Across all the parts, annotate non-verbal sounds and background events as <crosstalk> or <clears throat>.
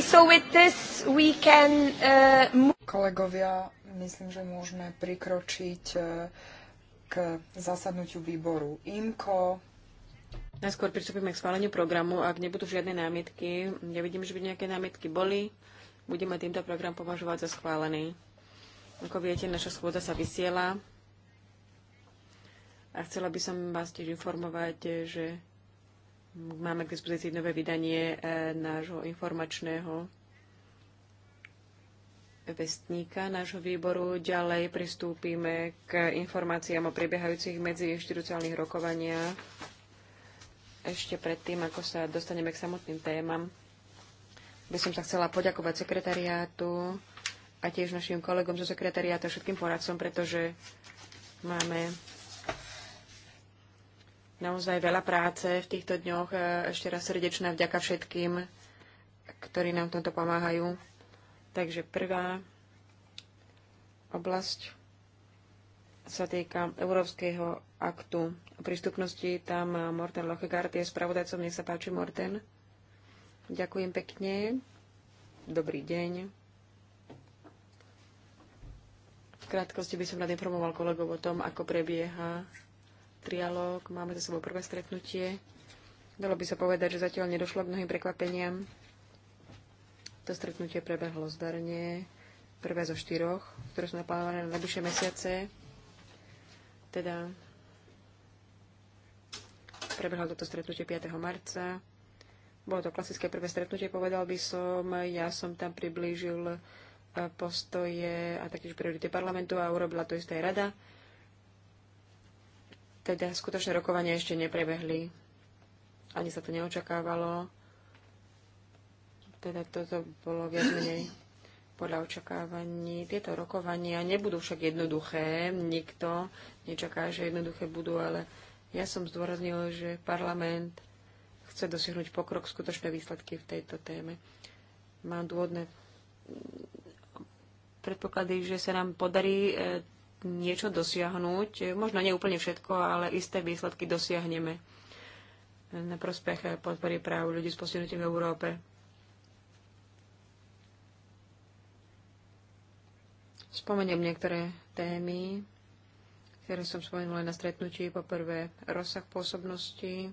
so with this we can, uh... Kolegovia, myslím, že môžeme prikročiť uh, k zasadnutiu výboru IMCO. Najskôr pristúpime k schváleniu programu. Ak nebudú žiadne námietky, nevidím, že by nejaké námietky boli, budeme týmto program považovať za schválený. Ako viete, naša schôdza sa vysiela. A chcela by som vás tiež informovať, že Máme k dispozícii nové vydanie e, nášho informačného vestníka nášho výboru. Ďalej pristúpime k informáciám o prebiehajúcich inštitúciálnych rokovaniach. Ešte predtým, ako sa dostaneme k samotným témam, by som sa chcela poďakovať sekretariátu a tiež našim kolegom zo sekretariátu a všetkým poradcom, pretože máme naozaj veľa práce v týchto dňoch. E, ešte raz srdečná vďaka všetkým, ktorí nám tomto pomáhajú. Takže prvá oblasť sa týka Európskeho aktu o prístupnosti. Tam Morten Lochegard je spravodajcom. Nech sa páči, Morten. Ďakujem pekne. Dobrý deň. V krátkosti by som rád informoval kolegov o tom, ako prebieha trialóg, máme za sebou prvé stretnutie. Dalo by sa povedať, že zatiaľ nedošlo k mnohým prekvapeniam. To stretnutie prebehlo zdarne, prvé zo štyroch, ktoré sú naplánované na najbližšie mesiace. Teda prebehlo toto stretnutie 5. marca. Bolo to klasické prvé stretnutie, povedal by som. Ja som tam priblížil eh, postoje a taktiež priority parlamentu a urobila to isté rada. Teda skutočné rokovania ešte neprebehli. Ani sa to neočakávalo. Teda toto bolo viac menej podľa očakávaní. Tieto rokovania nebudú však jednoduché. Nikto nečaká, že jednoduché budú, ale ja som zdôraznil, že parlament chce dosiahnuť pokrok, skutočné výsledky v tejto téme. Mám dôvodné predpoklady, že sa nám podarí e, niečo dosiahnuť. Možno nie úplne všetko, ale isté výsledky dosiahneme na prospech podpory práv ľudí s postihnutím v Európe. Spomeniem niektoré témy, ktoré som spomenula na stretnutí. Poprvé rozsah pôsobnosti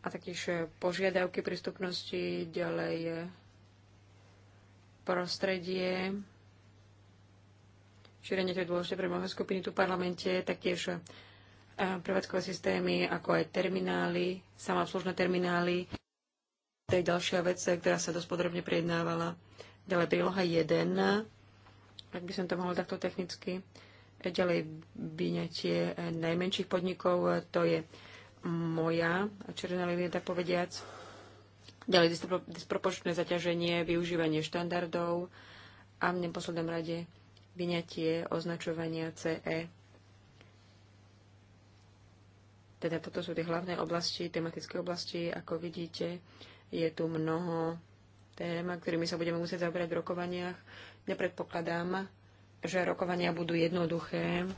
a taktiež požiadavky prístupnosti, ďalej eh, prostredie, Šírenie to je dôležité pre mnohé skupiny tu v parlamente, taktiež e, prevádzkové systémy, ako aj terminály, samoobslužné terminály. To je ďalšia vec, ktorá sa dosť podrobne prejednávala. Ďalej príloha 1, ak by som to mohol takto technicky. E, ďalej vyňatie e, najmenších podnikov, to je moja červená linia, tak povediac. Ďalej disproporčné zaťaženie, využívanie štandardov a v neposlednom rade vyňatie označovania CE. Teda toto sú tie hlavné oblasti, tematické oblasti. Ako vidíte, je tu mnoho tém, ktorými sa budeme musieť zaoberať v rokovaniach. Nepredpokladám, že rokovania budú jednoduché,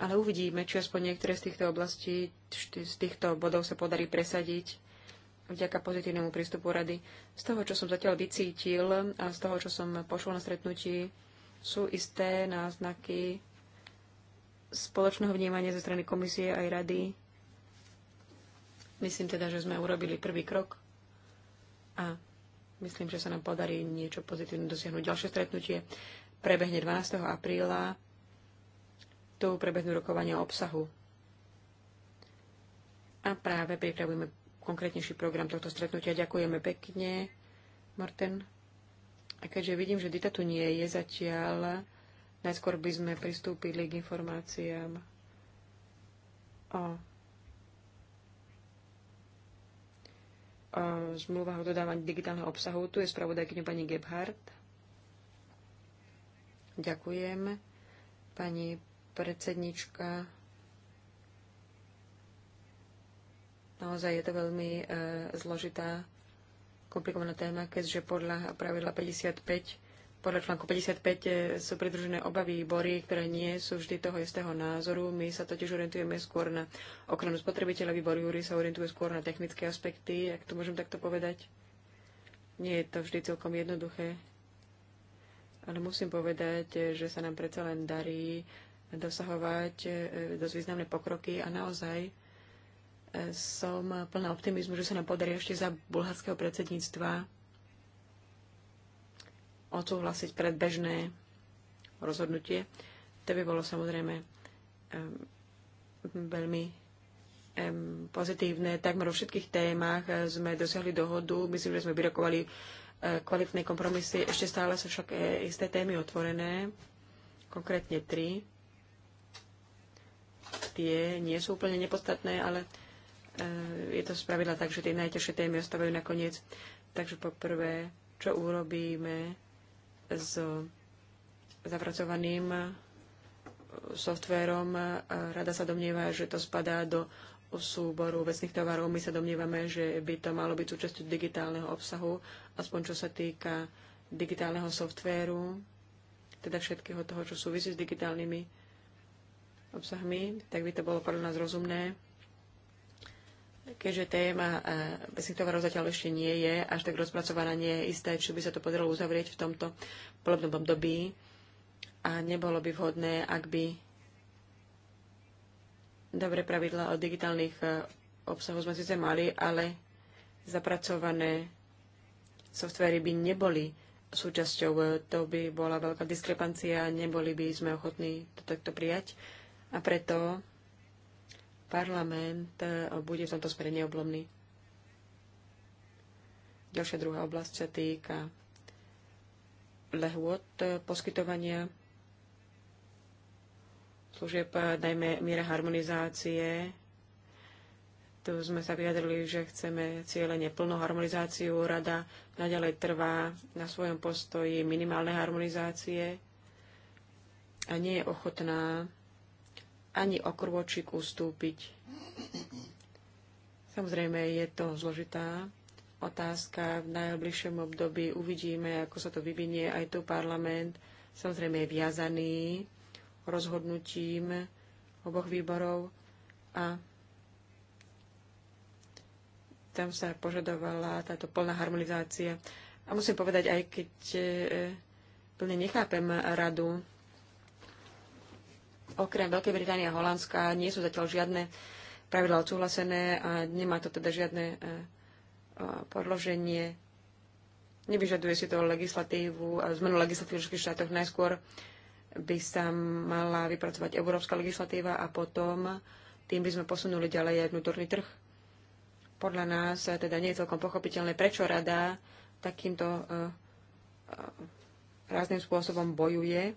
ale uvidíme, či aspoň niektoré z týchto oblastí, z týchto bodov sa podarí presadiť vďaka pozitívnemu prístupu rady. Z toho, čo som zatiaľ vycítil a z toho, čo som pošol na stretnutí, sú isté náznaky spoločného vnímania ze strany komisie aj rady. Myslím teda, že sme urobili prvý krok a myslím, že sa nám podarí niečo pozitívne dosiahnuť. Ďalšie stretnutie prebehne 12. apríla. Tu prebehnú rokovania obsahu. A práve pripravujeme konkrétnejší program tohto stretnutia. Ďakujeme pekne, Morten. A keďže vidím, že Dita tu nie je zatiaľ, najskôr by sme pristúpili k informáciám o, o zmluvách o dodávaní digitálneho obsahu. Tu je spravodajkyňa pani Gebhardt. Ďakujem. Pani predsednička Naozaj je to veľmi e, zložitá, komplikovaná téma, keďže podľa pravidla 55, podľa článku 55 e, sú pridružené obavy výbory, ktoré nie sú vždy toho istého názoru. My sa totiž orientujeme skôr na ochranu spotrebiteľa, výbor Júri sa orientuje skôr na technické aspekty, ak to môžem takto povedať. Nie je to vždy celkom jednoduché, ale musím povedať, e, že sa nám predsa len darí dosahovať e, dosť významné pokroky a naozaj som plná optimizmu, že sa nám podarí ešte za bulharského predsedníctva odsúhlasiť predbežné rozhodnutie. To by bolo samozrejme um, veľmi um, pozitívne. Takmer o všetkých témach eh, sme dosiahli dohodu. Myslím, že sme vyrokovali eh, kvalitné kompromisy. Ešte stále sú však eh, isté témy otvorené, konkrétne tri. Tie nie sú úplne nepodstatné, ale E, je to spravidla tak, že tie najťažšie témy ostávajú nakoniec. Takže poprvé, čo urobíme s zapracovaným softverom. E, rada sa domnieva, že to spadá do súboru vecných tovarov. My sa domnievame, že by to malo byť súčasťou digitálneho obsahu, aspoň čo sa týka digitálneho softvéru, teda všetkého toho, čo súvisí s digitálnymi obsahmi, tak by to bolo podľa nás rozumné keďže téma e, bezných tovarov zatiaľ ešte nie je až tak rozpracovaná, nie je isté, či by sa to podarilo uzavrieť v tomto volebnom období a nebolo by vhodné, ak by dobre pravidla o digitálnych e, obsahoch sme síce mali, ale zapracované softvery by neboli súčasťou. E, to by bola veľká diskrepancia, neboli by sme ochotní to takto prijať. A preto Parlament e, bude v tomto smere neoblomný. Ďalšia druhá oblasť sa týka lehôd e, poskytovania služieb, e, najmä miera harmonizácie. Tu sme sa vyjadrili, že chceme cieľene plnú harmonizáciu. Rada naďalej trvá na svojom postoji minimálnej harmonizácie a nie je ochotná ani o krôčik ustúpiť. Samozrejme, je to zložitá otázka. V najbližšom období uvidíme, ako sa to vyvinie. Aj tu parlament samozrejme je viazaný rozhodnutím oboch výborov a tam sa požadovala táto plná harmonizácia. A musím povedať, aj keď e, plne nechápem radu, Okrem Veľkej Británie a Holandska nie sú zatiaľ žiadne pravidla odsúhlasené a nemá to teda žiadne e, e, podloženie. Nevyžaduje si to legislatívu a zmenu legislatívy v všetkých štátoch. Najskôr by sa mala vypracovať európska legislatíva a potom tým by sme posunuli ďalej aj vnútorný trh. Podľa nás teda nie je celkom pochopiteľné, prečo rada takýmto uh, uh, rázným spôsobom bojuje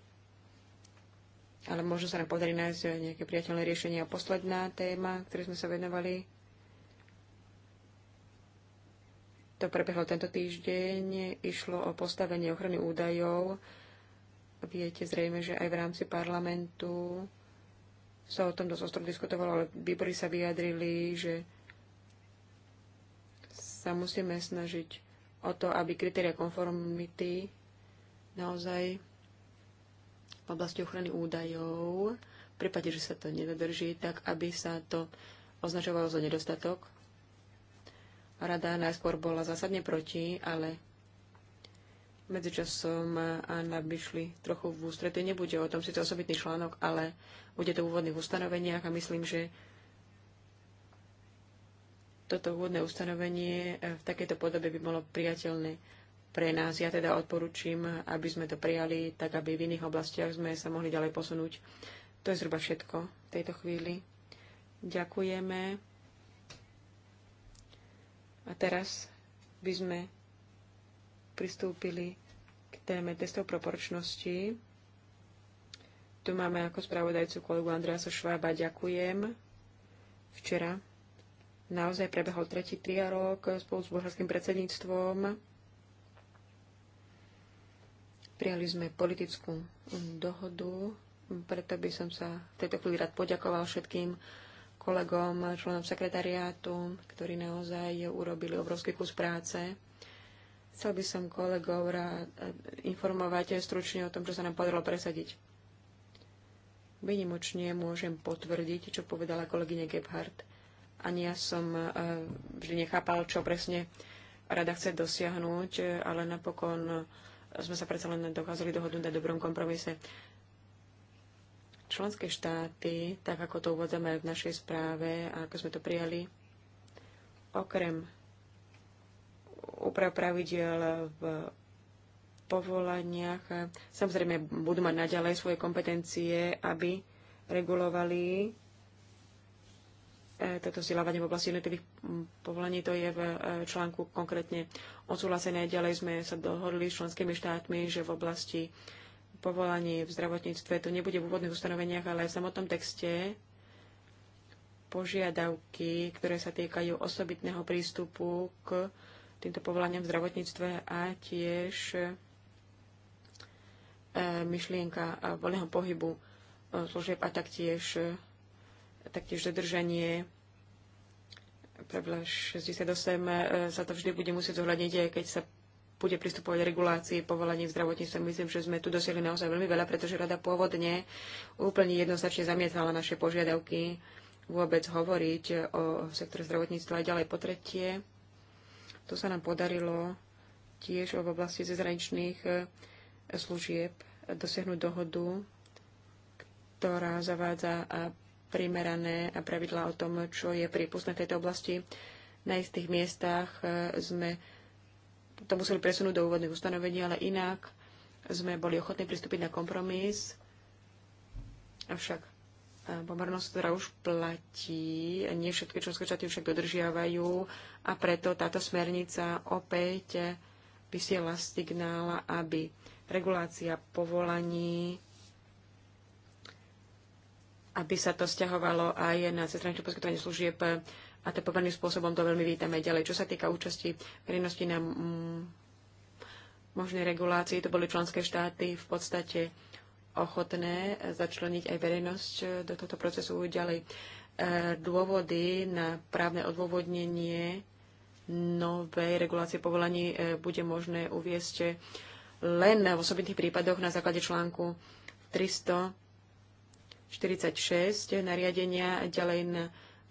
ale možno sa nám podarí nájsť eh, nejaké priateľné riešenie. A posledná téma, ktorej sme sa venovali, to prebehlo tento týždeň, išlo o postavenie ochrany údajov. Viete zrejme, že aj v rámci parlamentu sa o tom dosť ostro diskutovalo, ale výbory sa vyjadrili, že sa musíme snažiť o to, aby kritéria konformity naozaj v oblasti ochrany údajov, v prípade, že sa to nedodrží, tak aby sa to označovalo za nedostatok. Rada najskôr bola zásadne proti, ale medzičasom a vyšli trochu v ústrety. Nebude o tom síce osobitný článok, ale bude to v úvodných ustanoveniach a myslím, že toto úvodné ustanovenie v takejto podobe by bolo priateľné pre nás. Ja teda odporúčam, aby sme to prijali, tak aby v iných oblastiach sme sa mohli ďalej posunúť. To je zhruba všetko v tejto chvíli. Ďakujeme. A teraz by sme pristúpili k téme testov proporčnosti. Tu máme ako spravodajcu kolegu Andreasa Švába. Ďakujem. Včera naozaj prebehol tretí triarok spolu s bulharským predsedníctvom Prijali sme politickú dohodu, preto by som sa v tejto chvíli rád poďakoval všetkým kolegom, členom sekretariátu, ktorí naozaj urobili obrovský kus práce. Chcel by som kolegov rád informovať aj stručne o tom, čo sa nám podarilo presadiť. Vynimočne môžem potvrdiť, čo povedala kolegyňa Gebhardt. Ani ja som e, vždy nechápal, čo presne rada chce dosiahnuť, ale napokon sme sa predsa len dokázali dohodnúť na dobrom kompromise. Členské štáty, tak ako to uvádzame aj v našej správe a ako sme to prijali, okrem úprav pravidiel v povolaniach, samozrejme budú mať naďalej svoje kompetencie, aby regulovali E, toto vzdelávanie v oblasti jednotlivých povolení, to je v e, článku konkrétne odsúhlasené. Ďalej sme sa dohodli s členskými štátmi, že v oblasti povolaní v zdravotníctve to nebude v úvodných ustanoveniach, ale v samotnom texte požiadavky, ktoré sa týkajú osobitného prístupu k týmto povolaniam v zdravotníctve a tiež e, myšlienka voľného pohybu služieb a taktiež taktiež zadržanie pravidla 68 e, sa to vždy bude musieť zohľadniť, aj keď sa bude pristupovať regulácii povolení v zdravotníctve. Myslím, že sme tu dosiahli naozaj veľmi veľa, pretože rada pôvodne úplne jednoznačne zamietala naše požiadavky vôbec hovoriť o sektore zdravotníctva aj ďalej. Po tretie, to sa nám podarilo tiež v oblasti zezraničných e, služieb dosiahnuť dohodu, ktorá zavádza primerané pravidlá o tom, čo je prípustné v tejto oblasti. Na istých miestach e, sme to museli presunúť do úvodných ustanovení, ale inak sme boli ochotní pristúpiť na kompromis. Avšak e, pomornosť, ktorá už platí, nie všetky členské štáty však dodržiavajú a preto táto smernica opäť vysiela signál, aby regulácia povolaní aby sa to stiahovalo aj na cezhraničné poskytovanie služieb a to poverným spôsobom to veľmi vítame ďalej. Čo sa týka účasti verejnosti na mm, možnej regulácii, to boli členské štáty v podstate ochotné začleniť aj verejnosť e, do tohto procesu ďalej. E, dôvody na právne odôvodnenie novej regulácie povolaní e, bude možné uviesť len v osobitných prípadoch na základe článku 300 46 nariadenia, ďalej na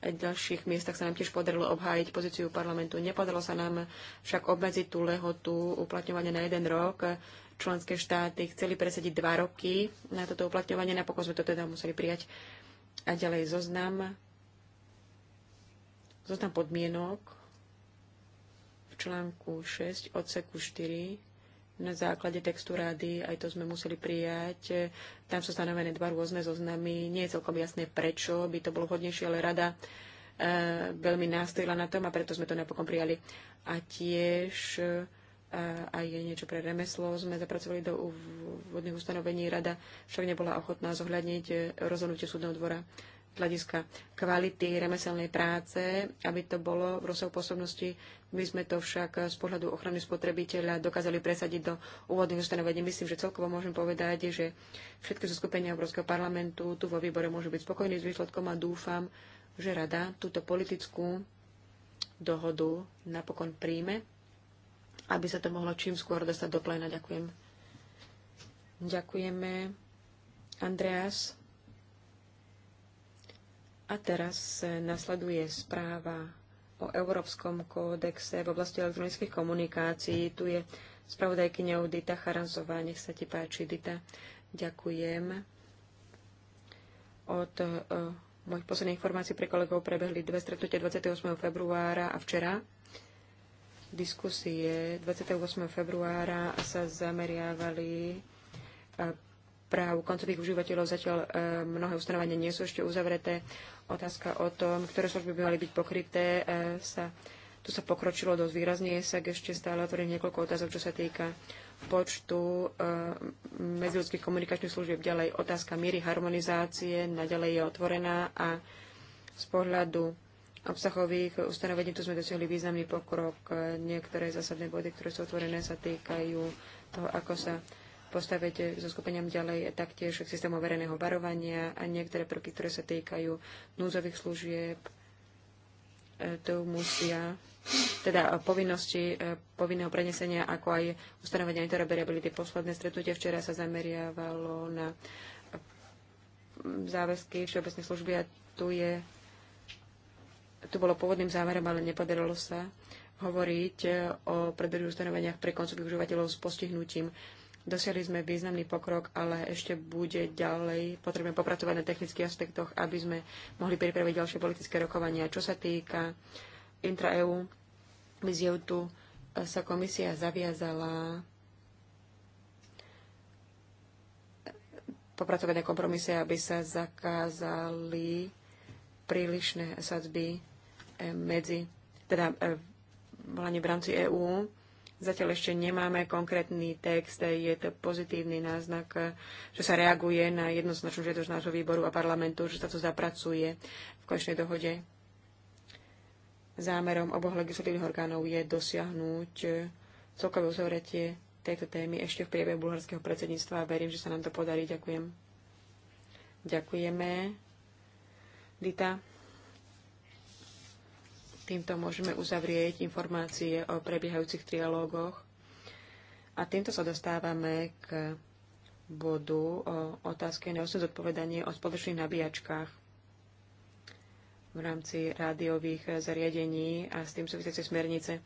ďalších miestach sa nám tiež podarilo obhájiť pozíciu parlamentu. Nepodarilo sa nám však obmedziť tú lehotu uplatňovania na jeden rok. Členské štáty chceli presediť dva roky na toto uplatňovanie, napokon sme to teda museli prijať. A ďalej zoznam, zoznam podmienok v článku 6 odseku 4 na základe textu rady, aj to sme museli prijať. Tam sú stanovené dva rôzne zoznamy. Nie je celkom jasné, prečo by to bolo vhodnejšie, ale rada e, veľmi nástojila na tom a preto sme to napokon prijali. A tiež e, aj niečo pre remeslo sme zapracovali do úvodných ustanovení. Rada však nebola ochotná zohľadniť e, rozhodnutie súdneho dvora hľadiska kvality remeselnej práce, aby to bolo v rozsahu pôsobnosti. My sme to však z pohľadu ochrany spotrebiteľa dokázali presadiť do úvodných ustanovení. Myslím, že celkovo môžem povedať, že všetky skupenia Európskeho parlamentu tu vo výbore môžu byť spokojní s výsledkom a dúfam, že rada túto politickú dohodu napokon príjme, aby sa to mohlo čím skôr dostať do pléna. Ďakujem. Ďakujeme. Andreas. A teraz e, nasleduje správa o Európskom kódexe v oblasti elektronických komunikácií. Tu je spravodajkyňa Dita Charanzová. Nech sa ti páči, Dita. Ďakujem. Od e, mojich posledných informácií pre kolegov prebehli dve stretnutia 28. februára a včera. Diskusie 28. februára sa zameriavali e, práv koncových užívateľov zatiaľ e, mnohé ustanovenia nie sú ešte uzavreté. Otázka o tom, ktoré služby by mali byť pokryté, e, sa, tu sa pokročilo dosť výrazne, sa ešte stále otvorí niekoľko otázok, čo sa týka počtu e, medziludských komunikačných služieb. Ďalej otázka miery harmonizácie naďalej je otvorená a z pohľadu obsahových ustanovení tu sme dosiahli významný pokrok. Niektoré zásadné body, ktoré sú otvorené, sa týkajú toho, ako sa postaviť so skupeniam ďalej taktiež k systému verejného varovania a niektoré prvky, ktoré sa týkajú núzových služieb, e, to musia teda povinnosti e, povinného prenesenia, ako aj ustanovenia interoperability. Posledné stretnutie včera sa zameriavalo na záväzky všeobecnej služby a tu je tu bolo pôvodným záverom, ale nepodarilo sa hovoriť e, o predbežných ustanoveniach pre koncových užívateľov s postihnutím. Dosiahli sme významný pokrok, ale ešte bude ďalej potrebné popracovať na technických aspektoch, aby sme mohli pripraviť ďalšie politické rokovania. Čo sa týka intra-EU, z tu sa komisia zaviazala na kompromise, aby sa zakázali prílišné sadzby medzi, teda hlavne v rámci EÚ Zatiaľ ešte nemáme konkrétny text, je to pozitívny náznak, že sa reaguje na jednoznačnú žiadosť nášho výboru a parlamentu, že sa to zapracuje v konečnej dohode. Zámerom oboch legislatívnych orgánov je dosiahnuť celkové uzavretie tejto témy ešte v priebehu bulharského predsedníctva a verím, že sa nám to podarí. Ďakujem. Ďakujeme. Dita. Týmto môžeme uzavrieť informácie o prebiehajúcich trialógoch. A týmto sa dostávame k bodu o otázke na osud o spoločných nabíjačkách v rámci rádiových zariadení a s tým súvisiace smernice.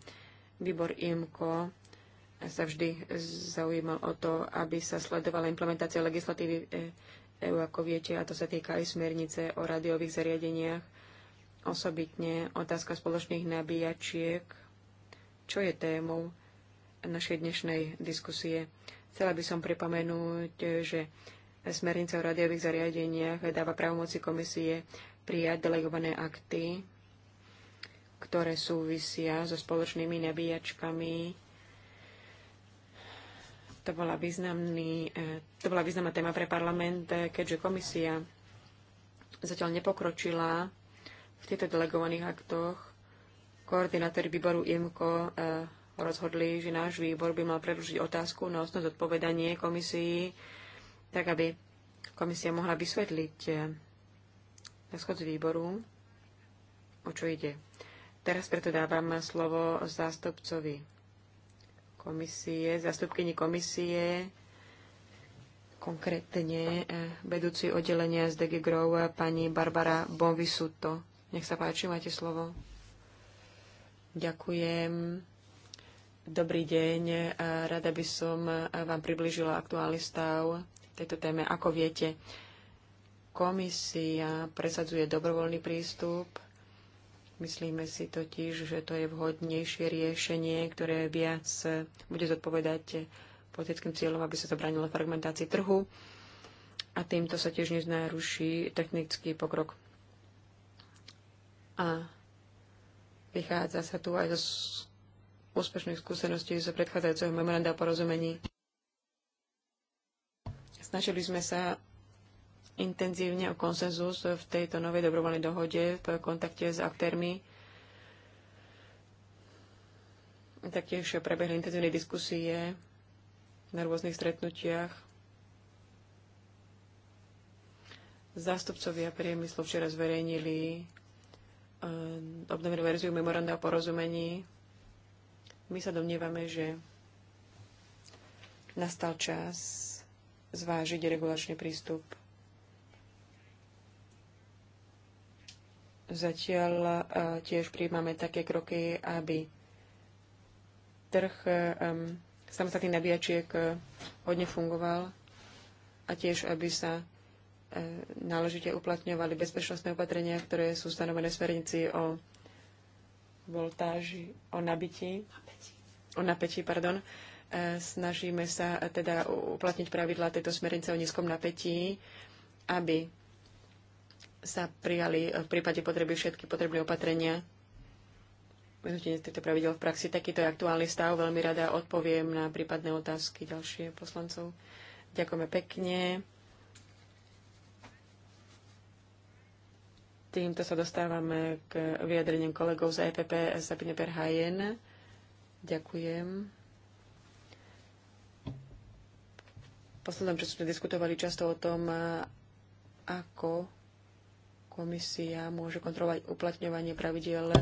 Výbor IMCO sa vždy zaujímal o to, aby sa sledovala implementácia legislatívy EU, e ako viete, a to sa týka aj smernice o rádiových zariadeniach Osobitne otázka spoločných nabíjačiek, čo je témou našej dnešnej diskusie. Chcela by som pripomenúť, že smernica o rádiových zariadeniach dáva právomoci komisie prijať delegované akty, ktoré súvisia so spoločnými nabíjačkami to bola, významný, e, to bola významná téma pre parlament, e, keďže komisia zatiaľ nepokročila v týchto delegovaných aktoch koordinátori výboru IMCO eh, rozhodli, že náš výbor by mal predlžiť otázku na osno zodpovedanie komisii, tak aby komisia mohla vysvetliť eh, na schod výboru, o čo ide. Teraz preto dávam slovo zástupcovi komisie, zástupkyni komisie, konkrétne eh, vedúci oddelenia z DG Grow, pani Barbara Bonvisuto. Nech sa páči, máte slovo. Ďakujem. Dobrý deň. Rada by som vám približila aktuálny stav tejto téme. Ako viete, komisia presadzuje dobrovoľný prístup. Myslíme si totiž, že to je vhodnejšie riešenie, ktoré viac bude zodpovedať politickým cieľom, aby sa zabránilo fragmentácii trhu a týmto sa tiež neznáruší technický pokrok. A vychádza sa tu aj zo úspešných skúseností zo predchádzajúceho memoranda o porozumení. Snažili sme sa intenzívne o konsenzus v tejto novej dobrovoľnej dohode v kontakte s aktérmi. Taktiež prebehli intenzívne diskusie na rôznych stretnutiach. Zástupcovia priemyslu včera zverejnili Eh, obnovenú verziu memoranda o porozumení. My sa domnievame, že nastal čas zvážiť regulačný prístup. Zatiaľ eh, tiež príjmame také kroky, aby trh samostatných nabíjačiek eh, hodne fungoval a tiež, aby sa E, náležite uplatňovali bezpečnostné opatrenia, ktoré sú stanovené smernici o voltáži, o nabití, o napätí, pardon. E, snažíme sa teda uplatniť pravidlá tejto smernice o nízkom napätí, aby sa prijali v prípade potreby všetky potrebné opatrenia. Vyhodenie týchto pravidel v praxi. Takýto je aktuálny stav. Veľmi rada odpoviem na prípadné otázky ďalšie poslancov. Ďakujeme pekne. Týmto sa dostávame k vyjadreniam kolegov z EPP Sabine Berhajen. Ďakujem. Posledom, čo sme diskutovali často o tom, ako komisia môže kontrolovať uplatňovanie pravidiel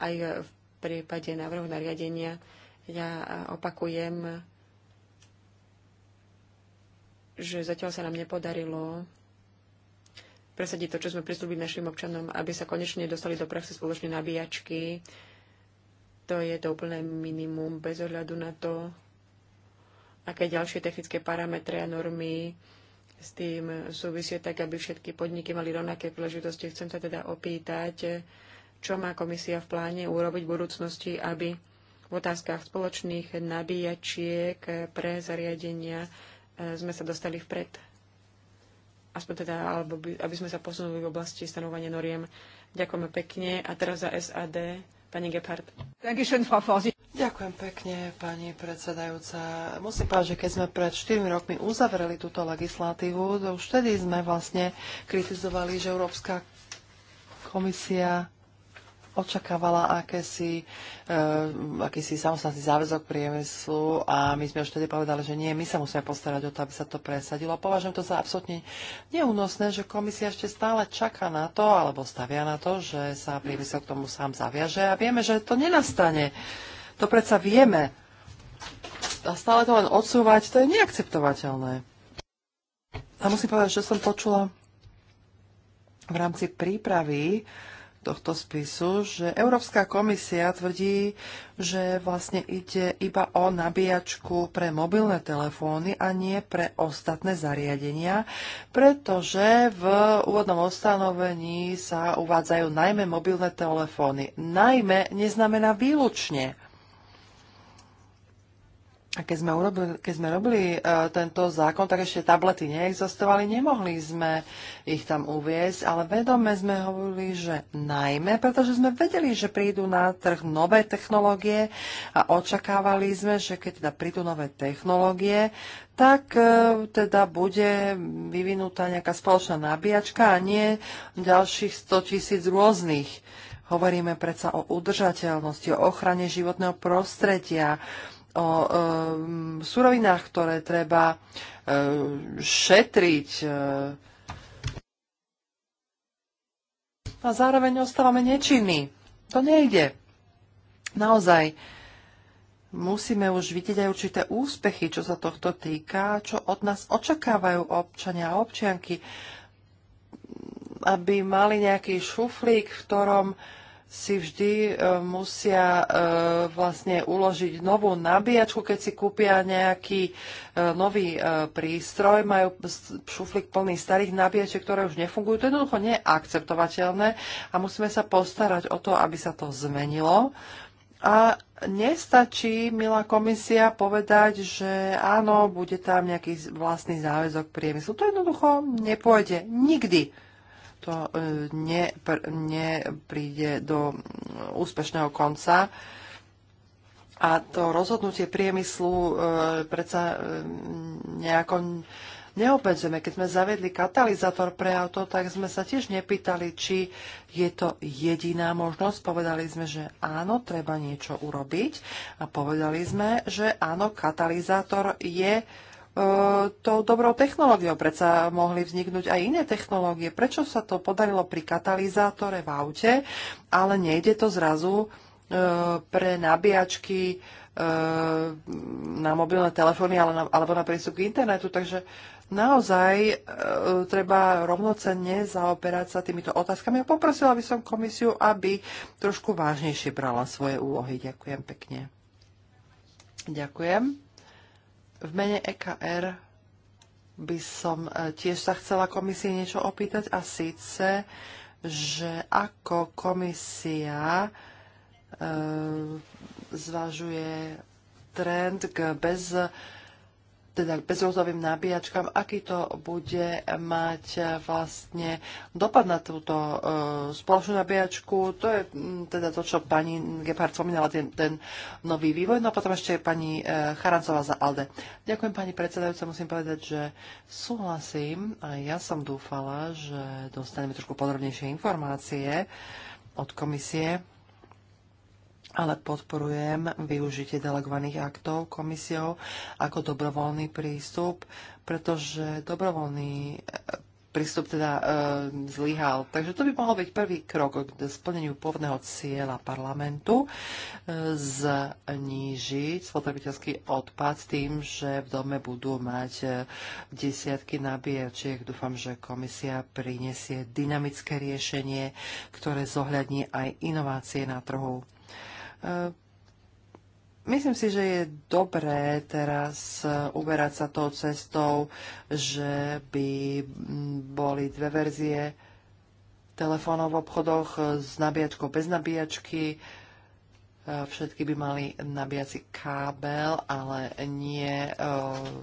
aj v prípade návrhu nariadenia. Ja opakujem, že zatiaľ sa nám nepodarilo presadiť to, čo sme prislúbili našim občanom, aby sa konečne dostali do praxe spoločne nabíjačky. To je to úplné minimum bez ohľadu na to, aké ďalšie technické parametre a normy s tým súvisie, tak aby všetky podniky mali rovnaké príležitosti. Chcem sa teda opýtať, čo má komisia v pláne urobiť v budúcnosti, aby v otázkach spoločných nabíjačiek pre zariadenia eh, sme sa dostali vpred aspoň teda, alebo by, aby sme sa posunuli v oblasti stanovania noriem. Ďakujeme pekne. A teraz za SAD, pani Gebhardt. Ďakujem pekne, pani predsedajúca. Musím povedať, že keď sme pred 4 rokmi uzavreli túto legislatívu, to už vtedy sme vlastne kritizovali, že Európska komisia očakávala akési, uh, akýsi samostatný záväzok priemyslu a my sme už tedy povedali, že nie, my sa musíme postarať o to, aby sa to presadilo. Považujem to za absolútne neúnosné, že komisia ešte stále čaká na to, alebo stavia na to, že sa priemysel k tomu sám zaviaže a vieme, že to nenastane. To predsa vieme. A stále to len odsúvať, to je neakceptovateľné. A musím povedať, že som počula v rámci prípravy uh, tohto spisu, že Európska komisia tvrdí, že vlastne ide iba o nabíjačku pre mobilné telefóny a nie pre ostatné zariadenia, pretože v úvodnom ustanovení sa uvádzajú najmä mobilné telefóny. Najmä neznamená výlučne. A keď sme, urobili, keď sme robili uh, tento zákon, tak ešte tablety neexistovali, nemohli sme ich tam uviezť, ale vedome sme hovorili, že najmä, pretože sme vedeli, že prídu na trh nové technológie a očakávali sme, že keď teda prídu nové technológie, tak uh, teda bude vyvinutá nejaká spoločná nabíjačka a nie ďalších 100 tisíc rôznych. Hovoríme predsa o udržateľnosti, o ochrane životného prostredia, o e, surovinách, ktoré treba e, šetriť. a zároveň ostávame nečinní. To nejde. Naozaj musíme už vidieť aj určité úspechy, čo sa tohto týka, čo od nás očakávajú občania a občianky, aby mali nejaký šuflík, v ktorom e, si vždy e, musia e, vlastne uložiť novú nabíjačku, keď si kúpia nejaký e, nový prístroj, majú šuflik plný starých nabíjačiek, ktoré už nefungujú. To je jednoducho a musíme sa postarať o to, aby sa to zmenilo. A nestačí, milá komisia, povedať, že áno, bude tam nejaký vlastný záväzok priemyslu. To jednoducho nepôjde nikdy to e, nepríde do úspešného konca. A to rozhodnutie priemyslu e, predsa e, nejako neobmedzujeme. Keď sme zavedli katalizátor pre auto, tak sme sa tiež nepýtali, či je to jediná možnosť. Povedali sme, že áno, treba niečo urobiť a povedali sme, že áno, katalizátor je tou dobrou technológiou. Predsa mohli vzniknúť aj iné technológie. Prečo sa to podarilo pri katalizátore v aute, ale nejde to zrazu e, pre nabíjačky e, na mobilné telefóny alebo na prístup k internetu. Takže naozaj e, treba rovnocenne zaoperať sa týmito otázkami. A poprosila by som komisiu, aby trošku vážnejšie brala svoje úlohy. Ďakujem pekne. Ďakujem. V mene EKR by som e, tiež sa chcela komisie niečo opýtať a síce, že ako komisia e, zvažuje trend k bez teda k bezrozovým nabíjačkám, aký to bude mať eh, vlastne dopad na túto e, spoločnú nabíjačku. To je mm, teda to, čo pani Gebhardt spomínala, ten, ten nový vývoj. No a potom ešte pani e, eh, Charancová za ALDE. Ďakujem pani predsedajúca, musím povedať, že súhlasím a ja som dúfala, že dostaneme trošku podrobnejšie informácie od komisie ale podporujem využitie delegovaných aktov komisiou ako dobrovoľný prístup, pretože dobrovoľný e, prístup teda e, zlyhal. Takže to by mohol byť prvý krok k splneniu pôvodného cieľa parlamentu e, znížiť spotrebiteľský odpad tým, že v dome budú mať e, desiatky nabíjačiek. Dúfam, že komisia prinesie dynamické riešenie, ktoré zohľadní aj inovácie na trhu Eh, myslím si, že je dobré teraz eh, uberať sa tou cestou, že by mm, boli dve verzie telefónov v obchodoch eh, s nabíjačkou bez nabíjačky, Všetky by mali nabíjací kábel, ale nie e,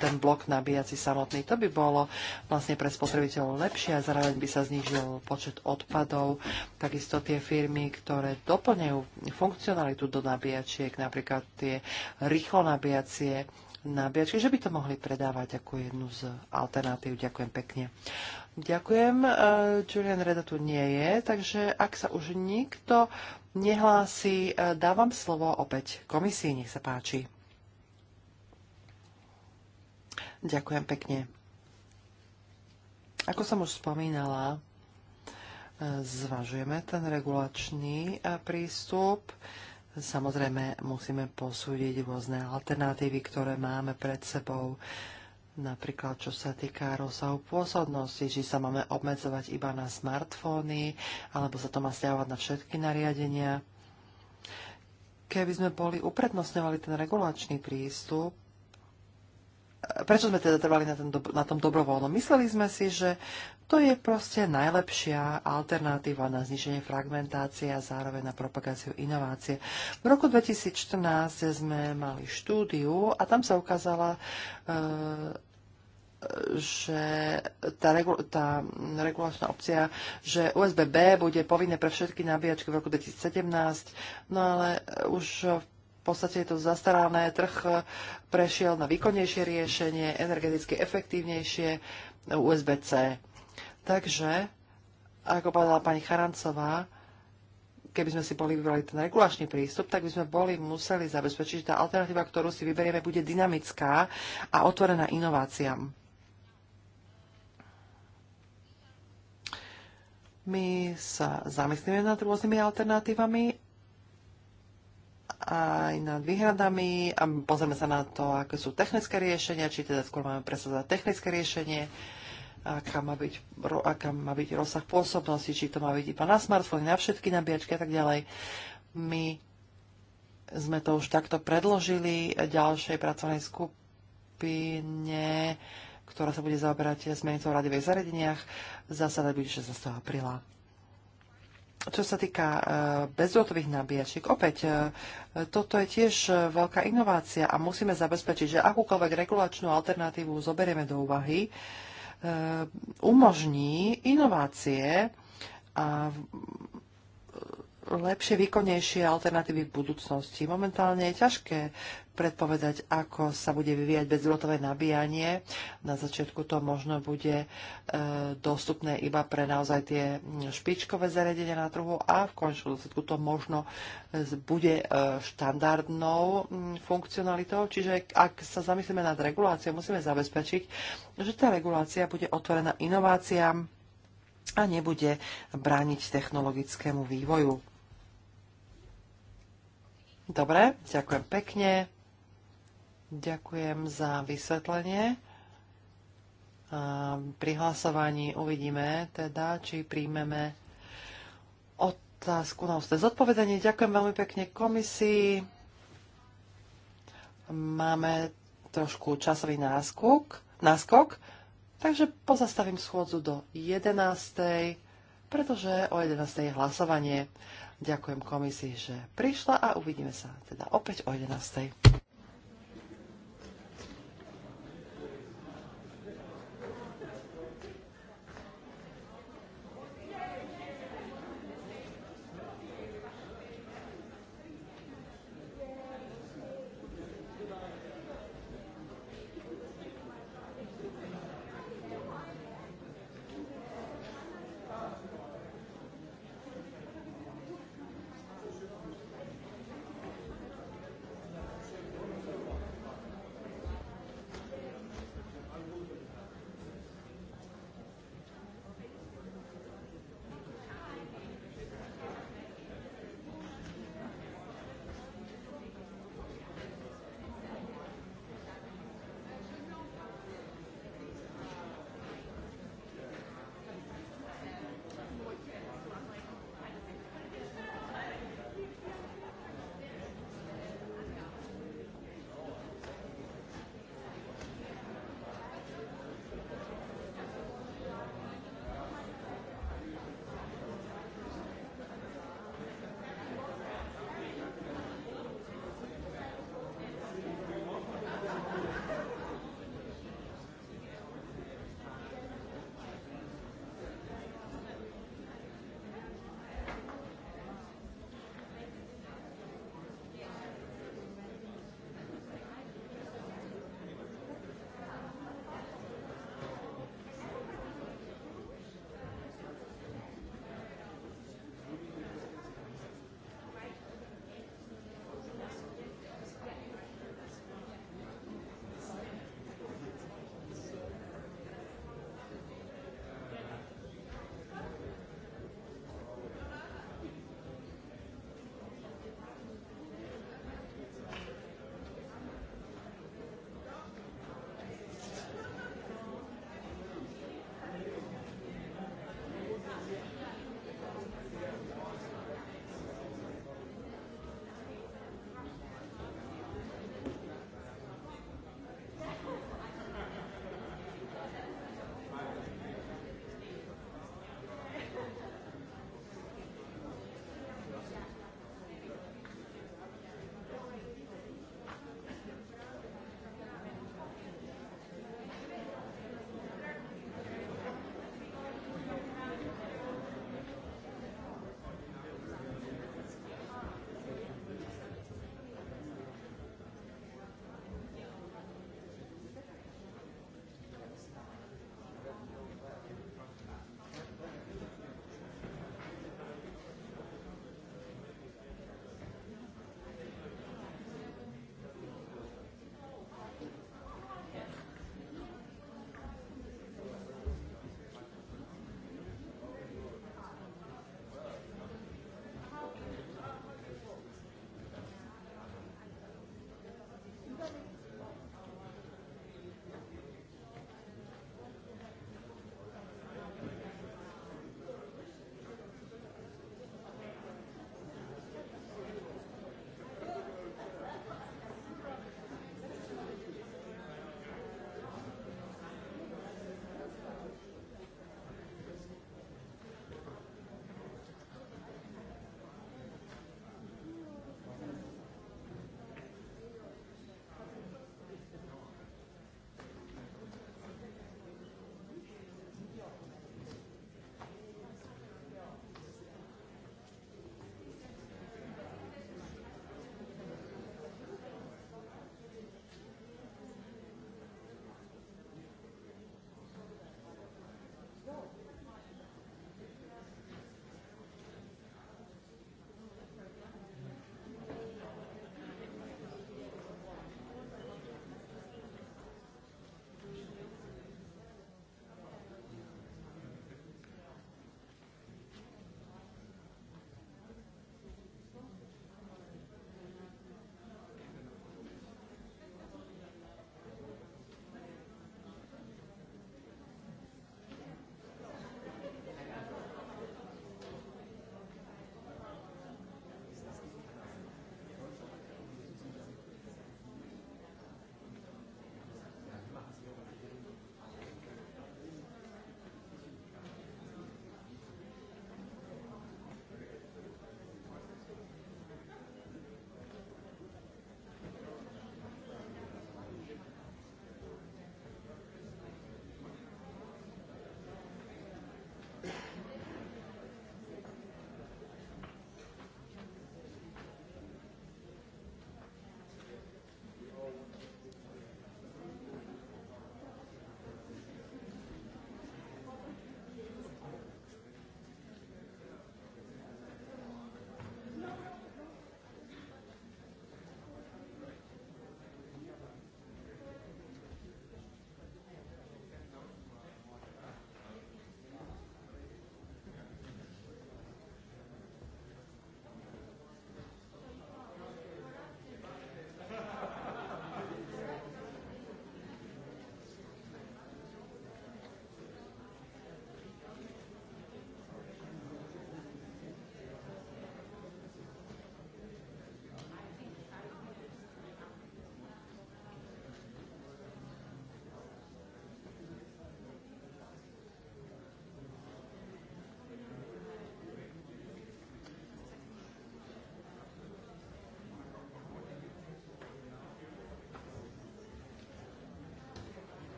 ten blok nabíjací samotný. To by bolo vlastne pre spotrebiteľov lepšie a zároveň by sa znížil počet odpadov. Takisto tie firmy, ktoré doplňajú funkcionalitu do nabíjačiek, napríklad tie rýchlo nabíjacie nabíjačky, že by to mohli predávať ako jednu z alternatív. Ďakujem pekne. Ďakujem. E, Julian Reda tu nie je, takže ak sa už nikto nehlási. E, dávam slovo opäť komisii, nech sa páči. Ďakujem pekne. Ako som už spomínala, e, zvažujeme ten regulačný e, prístup. Samozrejme, musíme posúdiť rôzne alternatívy, ktoré máme pred sebou Napríklad, čo sa týka rozsahu pôsobnosti, či sa máme obmedzovať iba na smartfóny, alebo sa to má stiahovať na všetky nariadenia. Keby sme boli uprednostňovali ten regulačný prístup, prečo sme teda trvali na, ten, na tom dobrovoľnom? Mysleli sme si, že to je proste najlepšia alternatíva na zniženie fragmentácie a zároveň na propagáciu inovácie. V roku 2014 sme mali štúdiu a tam sa ukázala e, že tá, regul- tá regulačná opcia, že USB-B bude povinné pre všetky nabíjačky v roku 2017, no ale už v podstate je to zastarané, trh eh, prešiel na výkonnejšie riešenie, energeticky efektívnejšie, eh, USB-C. Takže, ako povedala pani Charancová, keby sme si boli vybrali ten regulačný prístup, tak by sme boli museli zabezpečiť, že tá alternatíva, ktorú si vyberieme, bude dynamická a otvorená inováciám. My sa zamyslíme nad rôznymi alternatívami aj nad výhradami a pozrieme sa na to, aké sú technické riešenia, či teda skôr máme presadzať technické riešenie, aká má, byť, aká má byť rozsah pôsobnosti, či to má byť iba na smartfóny, na všetky nabíjačky a tak ďalej. My sme to už takto predložili ďalšej pracovnej skupine, ktorá sa bude zaoberať v radivých zariadeniach. Zasada bude 16. apríla. Čo sa týka e, bezdrôtových nabíjačiek, opäť e, toto je tiež e, veľká inovácia a musíme zabezpečiť, že akúkoľvek regulačnú alternatívu zoberieme do úvahy, umožní inovácie a lepšie, výkonnejšie alternatívy v budúcnosti. Momentálne je ťažké predpovedať, ako sa bude vyvíjať bezdrôtové nabíjanie. Na začiatku to možno bude e, dostupné iba pre naozaj tie špičkové zariadenia na trhu a v končnom dôsledku to možno e, bude e, štandardnou m, funkcionalitou. Čiže ak sa zamyslíme nad reguláciou, musíme zabezpečiť, že tá regulácia bude otvorená inováciám a nebude brániť technologickému vývoju. Dobre, ďakujem pekne. Ďakujem za vysvetlenie. A pri hlasovaní uvidíme teda, či príjmeme otázku na ústne zodpovedanie. Ďakujem veľmi pekne komisii. Máme trošku časový náskok, náskok takže pozastavím schôdzu do 11. pretože o 11. je hlasovanie. Ďakujem komisii, že prišla a uvidíme sa teda opäť o 11.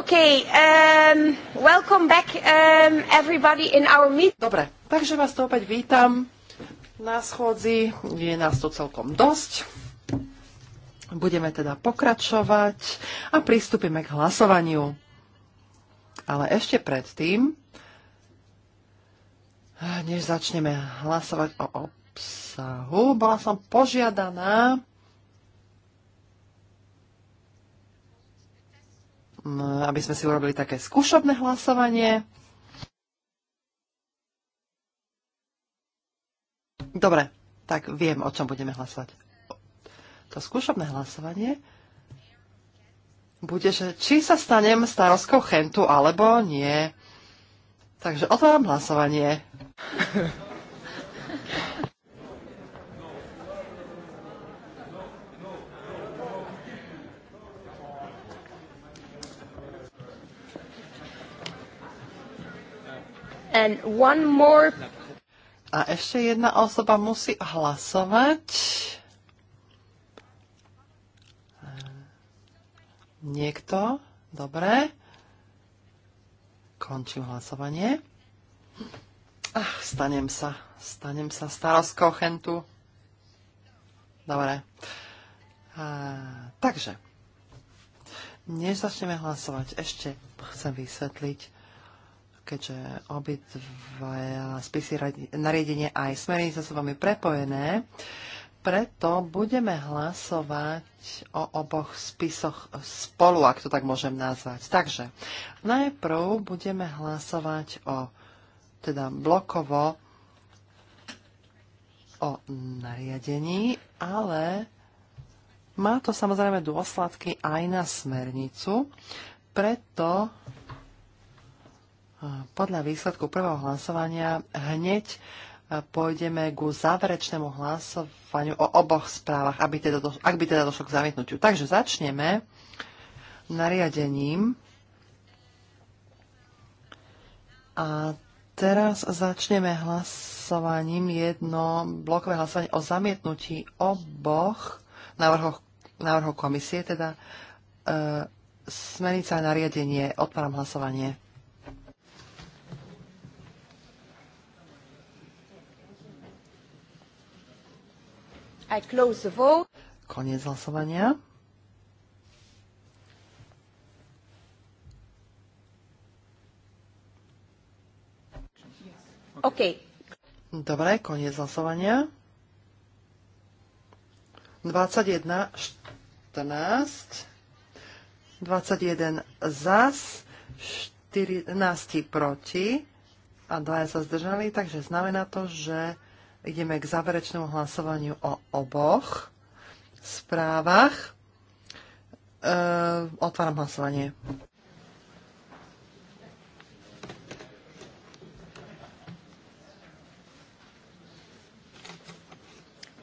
Okay, um, welcome back um, everybody in our meet. Dobre, takže vás to opäť vítam na schodzi. Je nás tu celkom dosť. Budeme teda pokračovať a pristúpime k hlasovaniu. Ale ešte predtým, než začneme hlasovať o obsahu, bola som požiadaná, aby sme si urobili také skúšobné hlasovanie. Dobre, tak viem, o čom budeme hlasovať. To skúšobné hlasovanie bude, že či sa stanem starostkou Chentu alebo nie. Takže otváram hlasovanie. <laughs> And one more... A ešte jedna osoba musí hlasovať. Niekto? Dobre. Končím hlasovanie. Ach, stanem sa. Stanem sa starostkou Chentu. Dobre. A, takže, než začneme hlasovať, ešte chcem vysvetliť, keďže obidva spisy nariadenie aj smernica sú veľmi prepojené, preto budeme hlasovať o oboch spisoch spolu, ak to tak môžem nazvať. Takže najprv budeme hlasovať o, teda blokovo o nariadení, ale má to samozrejme dôsledky aj na smernicu, preto podľa výsledku prvého hlasovania hneď e, pôjdeme ku záverečnému hlasovaniu o oboch správach, aby teda došlo, ak by teda došlo k zamietnutiu. Takže začneme nariadením. A teraz začneme hlasovaním jedno blokové hlasovanie o zamietnutí oboch návrhov, návrhov komisie, teda e, smernica a nariadenie. Otváram hlasovanie. I close the vote. Koniec hlasovania. Okay. Dobre, koniec hlasovania. 21, 14, 21 zas, 14 proti a dvaja sa zdržali, takže znamená to, že Ideme k záverečnému hlasovaniu o oboch správach. E, otváram hlasovanie.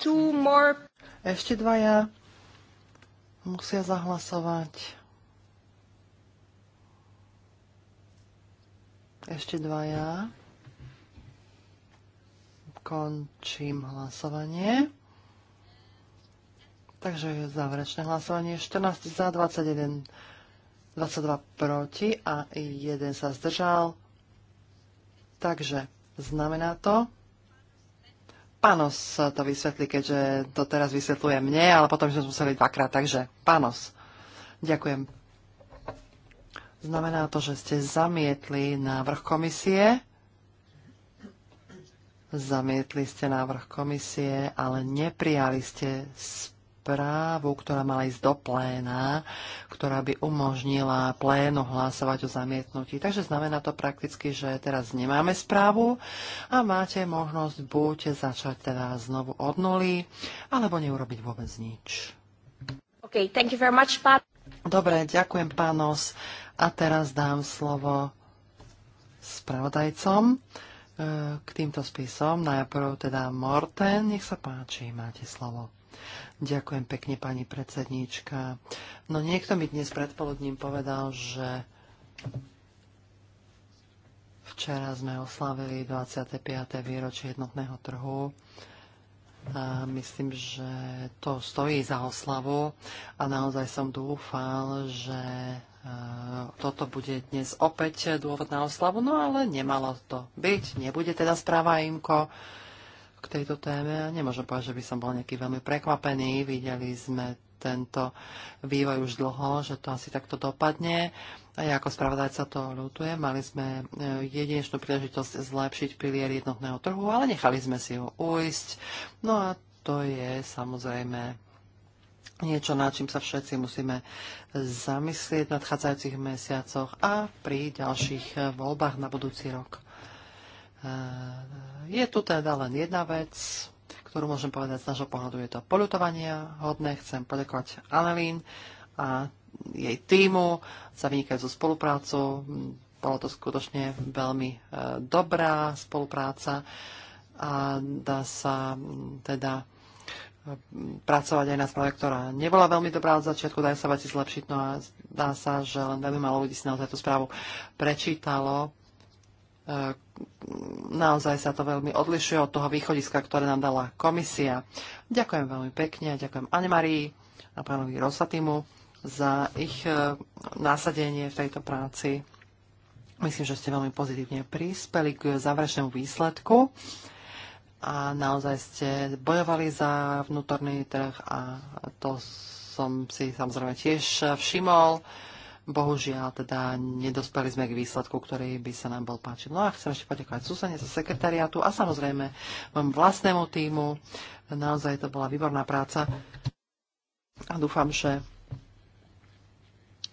Two more. Ešte dvaja musia zahlasovať. Ešte dvaja. Končím hlasovanie. Takže je záverečné hlasovanie. 14 za, 21, 22 proti a 1 sa zdržal. Takže znamená to, Pános to vysvetlí, keďže to teraz vysvetľuje mne, ale potom sme museli dvakrát, takže Pános, Ďakujem. Znamená to, že ste zamietli návrh komisie Zamietli ste návrh komisie, ale neprijali ste správu, ktorá mala ísť do pléna, ktorá by umožnila plénu hlasovať o zamietnutí. Takže znamená to prakticky, že teraz nemáme správu a máte možnosť buď začať teda znovu od nuly, alebo neurobiť vôbec nič. Okay, thank you very much, pán. Dobre, ďakujem, pános. A teraz dám slovo spravodajcom. E, k týmto spisom. Najprv teda Morten, nech sa páči, máte slovo. Ďakujem pekne, pani predsedníčka. No niekto mi dnes predpoludním povedal, že včera sme oslavili 25. výročie jednotného trhu. A myslím, že to stojí za oslavu a naozaj som dúfal, že toto bude dnes opäť dôvod na oslavu, no ale nemalo to byť. Nebude teda správa IMKO k tejto téme. Nemôžem povedať, že by som bol nejaký veľmi prekvapený. Videli sme tento vývoj už dlho, že to asi takto dopadne. A ja ako spravodajca to ľutuje. Mali sme e, jedinečnú príležitosť zlepšiť pilier jednotného trhu, ale nechali sme si ho ujsť. No a to je samozrejme niečo, na čím sa všetci musíme zamyslieť v nadchádzajúcich mesiacoch a pri ďalších voľbách na budúci rok. E, je tu teda len jedna vec, ktorú môžem povedať z nášho pohľadu. Je to polutovanie hodné. Chcem podekovať Annelín a jej týmu za vynikajúcu spoluprácu. Bolo to skutočne veľmi e, dobrá spolupráca a dá sa teda pracovať aj na správe, ktorá nebola veľmi dobrá od začiatku, dajú sa veci zlepšiť, no a dá sa, že len veľmi malo ľudí si naozaj tú správu prečítalo. E, naozaj sa to veľmi odlišuje od toho východiska, ktoré nám dala komisia. Ďakujem veľmi pekne, ďakujem Anemarii a pánovi Rosatimu za ich e, násadenie v tejto práci. Myslím, že ste veľmi pozitívne prispeli k záverečnému výsledku a naozaj ste bojovali za vnútorný trh a to som si samozrejme tiež všimol. Bohužiaľ, teda nedospeli sme k výsledku, ktorý by sa nám bol páčil. No a chcem ešte poďakovať Susane zo sekretariátu a samozrejme môjmu vlastnému týmu. Naozaj to bola výborná práca a dúfam, že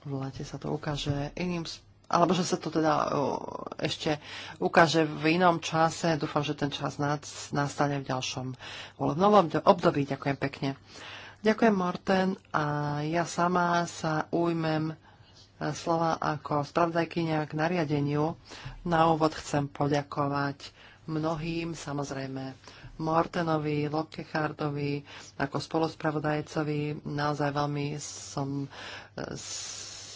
v lete sa to ukáže iným spôsobom alebo že sa to teda e, ešte ukáže v inom čase. Dúfam, že ten čas nastane v ďalšom volebnom období. Ďakujem pekne. Ďakujem, Morten. A ja sama sa ujmem e, slova ako spravdajkyňa k nariadeniu. Na úvod chcem poďakovať mnohým, samozrejme Mortenovi, Lokechardovi, ako spoluspravodajcovi. Naozaj veľmi som e,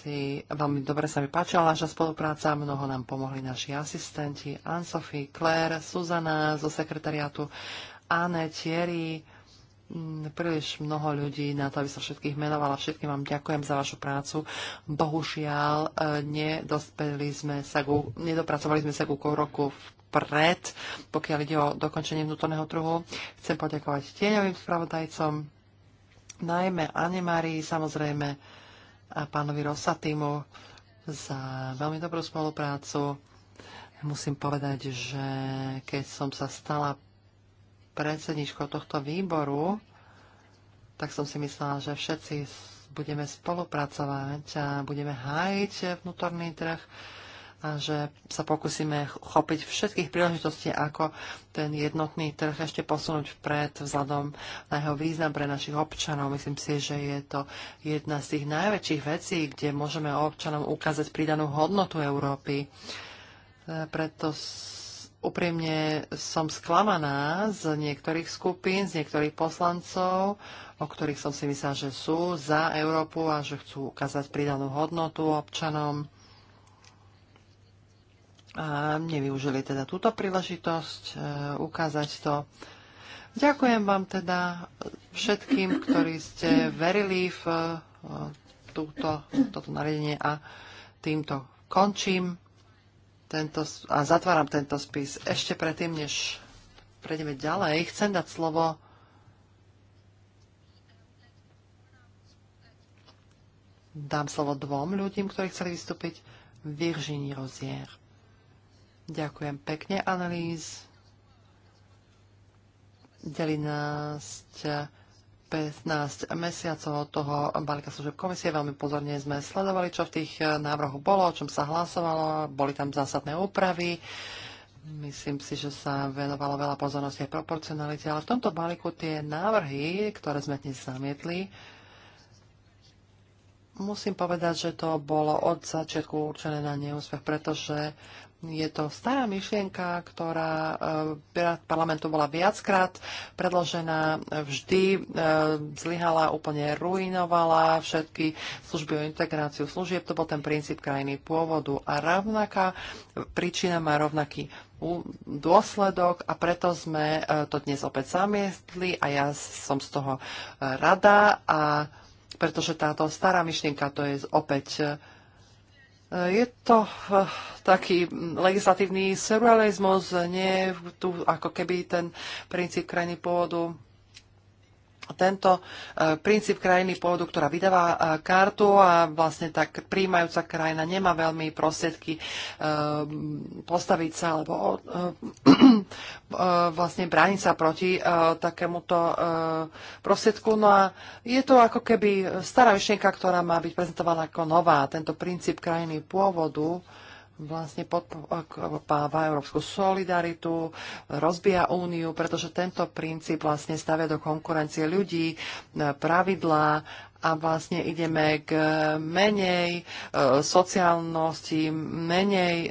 si, veľmi dobre sa mi páčila naša spolupráca, mnoho nám pomohli naši asistenti, Anne-Sophie, Claire, Suzana zo sekretariátu, Anne, Thierry, mm, príliš mnoho ľudí na to, aby sa všetkých menovala. Všetkým vám ďakujem za vašu prácu. Bohužiaľ, e, nedospeli sme sa ku, nedopracovali sme sa ku roku vpred, pokiaľ ide o dokončenie vnútorného trhu. Chcem poďakovať tieňovým spravodajcom, najmä Anemarii, samozrejme a pánovi Rosatimu za veľmi dobrú spoluprácu. Musím povedať, že keď som sa stala predsedničkou tohto výboru, tak som si myslela, že všetci budeme spolupracovať a budeme hájiť vnútorný trh a že sa pokúsime chopiť všetkých príležitostí, ako ten jednotný trh ešte posunúť vpred vzhľadom na jeho význam pre našich občanov. Myslím si, že je to jedna z tých najväčších vecí, kde môžeme občanom ukázať pridanú hodnotu Európy. E, preto úprimne som sklamaná z niektorých skupín, z niektorých poslancov, o ktorých som si myslela, že sú za Európu a že chcú ukázať pridanú hodnotu občanom a nevyužili teda túto príležitosť e, ukázať to. Ďakujem vám teda všetkým, ktorí ste verili v e, túto, toto nariadenie a týmto končím tento, a zatváram tento spis. Ešte predtým, než prejdeme ďalej, chcem dať slovo dám slovo dvom ľudím, ktorí chceli vystúpiť. Virginie Rozier. Ďakujem pekne, analýz. Delí nás 15 mesiacov od toho balíka služeb komisie. Veľmi pozorne sme sledovali, čo v tých eh, návrhoch bolo, o čom sa hlasovalo. Boli tam zásadné úpravy. Myslím si, že sa venovalo veľa pozornosti aj proporcionalite, ale v tomto balíku tie návrhy, ktoré sme dnes zamietli, musím povedať, že to bolo od začiatku určené na neúspech, pretože je to stará myšlienka, ktorá e, parlamentu bola viackrát predložená, vždy e, zlyhala, úplne ruinovala všetky služby o integráciu služieb. To bol ten princíp krajiny pôvodu a rovnaká príčina má rovnaký dôsledok a preto sme e, to dnes opäť zamiestli a ja som z toho rada a pretože táto stará myšlienka to je opäť je to eh, taký legislatívny surrealizmus, nie tu ako keby ten princíp krajiny pôvodu tento e, princíp krajiny pôvodu, ktorá vydáva e, kartu a vlastne tak príjmajúca krajina nemá veľmi prostriedky e, postaviť sa alebo <clears throat> vlastne brániť sa proti takémuto prostriedku. No a je to ako keby stará myšlienka, ktorá má byť prezentovaná ako nová. Tento princíp krajiny pôvodu vlastne podpáva európsku solidaritu, rozbíja úniu, pretože tento princíp vlastne stavia do konkurencie ľudí, e, pravidlá a vlastne ideme k menej e, sociálnosti, menej e,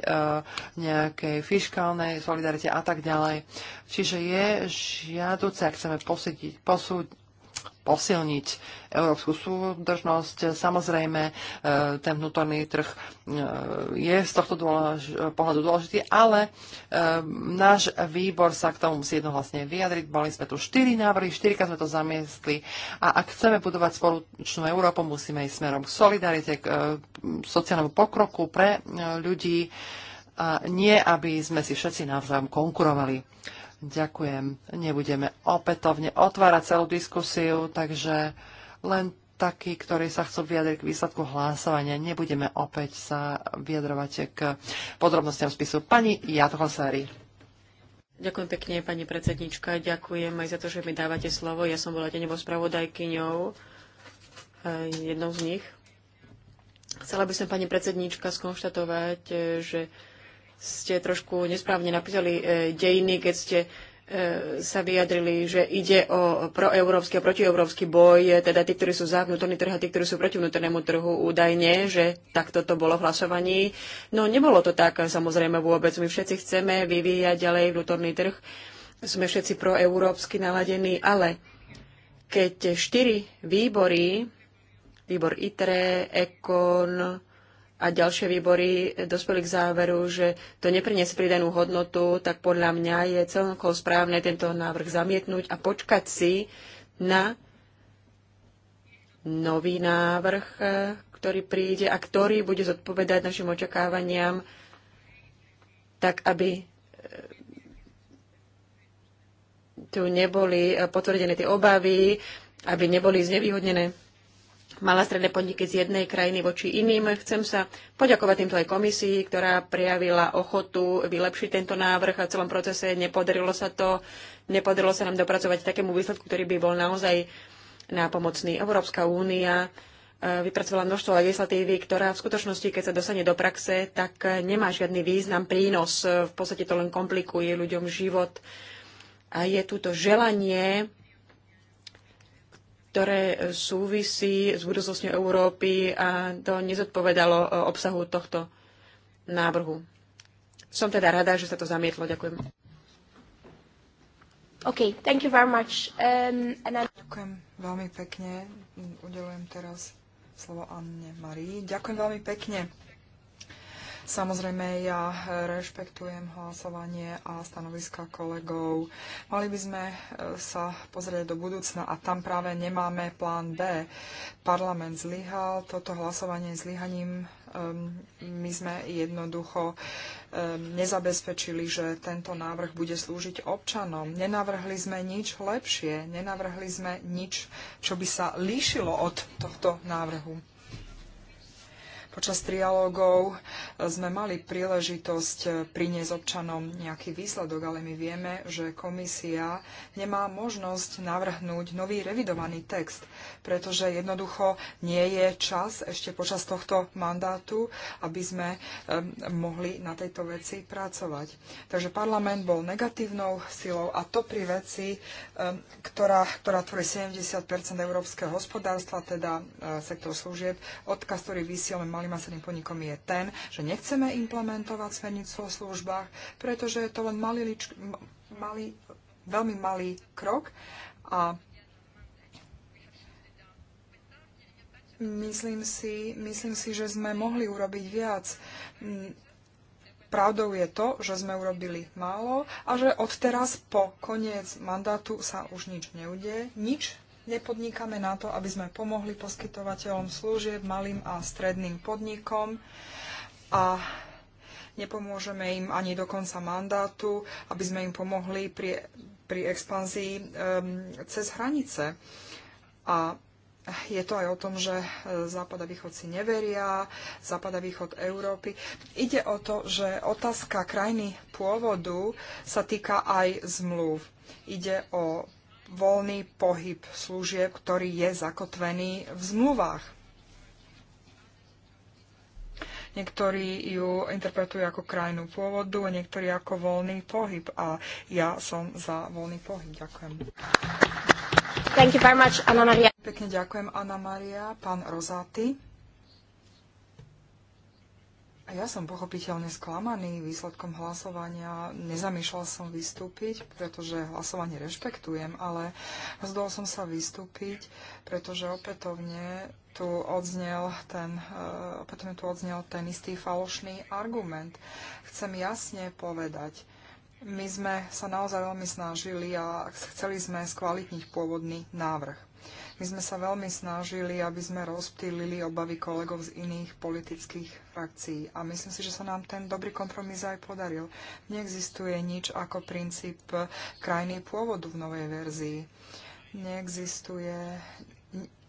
nejakej fiskálnej solidarite a tak ďalej. Čiže je žiaduce, ak chceme posúdiť, posúdiť posilniť európsku súdržnosť. Samozrejme, e, ten vnútorný trh e, je z tohto dôlež- pohľadu dôležitý, ale e, náš výbor sa k tomu musí jednohlasne vyjadriť. Boli sme tu štyri návrhy, štyrika sme to zamiestli a ak chceme budovať spoločnú Európu, musíme ísť smerom k solidarite, k sociálnemu pokroku pre ľudí, a nie aby sme si všetci navzájom konkurovali. Ďakujem. Nebudeme opätovne otvárať celú diskusiu, takže len takí, ktorí sa chcú vyjadriť k výsledku hlasovania, nebudeme opäť sa vyjadrovať k podrobnostiam spisu. Pani Jatohlasári. Ďakujem pekne, pani predsednička. Ďakujem aj za to, že mi dávate slovo. Ja som bola tenebo spravodajkyňou, eh, jednou z nich. Chcela by som, pani predsednička, skonštatovať, eh, že ste trošku nesprávne napísali e, dejiny, keď ste e, sa vyjadrili, že ide o proeurópsky a protieurópsky boj, e, teda tí, ktorí sú za vnútorný trh a tí, ktorí sú proti vnútornému trhu údajne, že takto to bolo v hlasovaní. No nebolo to tak samozrejme vôbec. My všetci chceme vyvíjať ďalej vnútorný trh. Sme všetci proeurópsky naladení, ale keď štyri výbory, výbor ITRE, EKON, a ďalšie výbory dospeli k záveru, že to neprinies pridanú hodnotu, tak podľa mňa je celkom správne tento návrh zamietnúť a počkať si na nový návrh, e, ktorý príde a ktorý bude zodpovedať našim očakávaniam, tak aby e, tu neboli e, potvrdené tie obavy, aby neboli znevýhodnené malé stredné podniky z jednej krajiny voči iným. Chcem sa poďakovať týmto aj komisii, ktorá prijavila ochotu vylepšiť tento návrh a v celom procese nepodarilo sa to. Nepodarilo sa nám dopracovať takému výsledku, ktorý by bol naozaj nápomocný. Európska únia e, vypracovala množstvo legislatívy, ktorá v skutočnosti, keď sa dostane do praxe, tak nemá žiadny význam, prínos. V podstate to len komplikuje ľuďom život. A je tu to želanie ktoré súvisí s budúcnosťou Európy a to nezodpovedalo e, obsahu tohto návrhu. Som teda rada, že sa to zamietlo. Ďakujem. OK, thank you very much. Um, and I... Ďakujem veľmi pekne. Udelujem teraz slovo Anne Marii. Ďakujem veľmi pekne. Samozrejme, ja rešpektujem hlasovanie a stanoviska kolegov. Mali by sme e, sa pozrieť do budúcna a tam práve nemáme plán B. Parlament zlyhal, toto hlasovanie je zlyhaním my sme jednoducho nezabezpečili, že tento návrh bude slúžiť občanom. Nenavrhli sme nič lepšie, nenavrhli sme nič, čo by sa líšilo od tohto návrhu. Počas trialógov e, sme mali príležitosť e, priniesť občanom nejaký výsledok, ale my vieme, že komisia nemá možnosť navrhnúť nový revidovaný text, pretože jednoducho nie je čas ešte počas tohto mandátu, aby sme e, mohli na tejto veci pracovať. Takže parlament bol negatívnou silou a to pri veci, ktorá, ktorá tvorí 70 európskeho hospodárstva, teda sektor služieb, odkaz, ktorý vysielame malým a stredným podnikom je ten, že nechceme implementovať smernicu o službách, pretože je to len malý, malý, veľmi malý krok a myslím si, myslím si, že sme mohli urobiť viac. Mm, pravdou je to, že sme urobili málo a že odteraz po koniec mandátu sa už nič neudie, nič nepodnikáme na to, aby sme pomohli poskytovateľom služieb, malým a stredným podnikom a nepomôžeme im ani do konca mandátu, aby sme im pomohli pri, pri expanzii um, cez hranice. A je to aj o tom, že e, Západ a Východ si neveria, Západ a Východ Európy. Ide o to, že otázka krajiny pôvodu sa týka aj zmluv. Ide o voľný pohyb služieb, ktorý je zakotvený v zmluvách. Niektorí ju interpretujú ako krajinu pôvodu, a niektorí ako voľný pohyb. A ja som za voľný pohyb. Ďakujem. Thank you very much, Anna Maria. Pekne ďakujem, Anna Maria. Pán Rozáty. A ja som pochopiteľne sklamaný výsledkom hlasovania. Nezamýšľal som vystúpiť, pretože hlasovanie rešpektujem, ale rozdol som sa vystúpiť, pretože opätovne tu odznel ten, e, opätovne tu odznel ten istý falošný argument. Chcem jasne povedať, my sme sa naozaj veľmi snažili a chceli sme skvalitniť pôvodný návrh. My sme sa veľmi snažili, aby sme rozptýlili obavy kolegov z iných politických frakcií a myslím si, že sa nám ten dobrý kompromis aj podaril. Neexistuje nič ako princíp eh, krajiny pôvodu v novej verzii. Neexistuje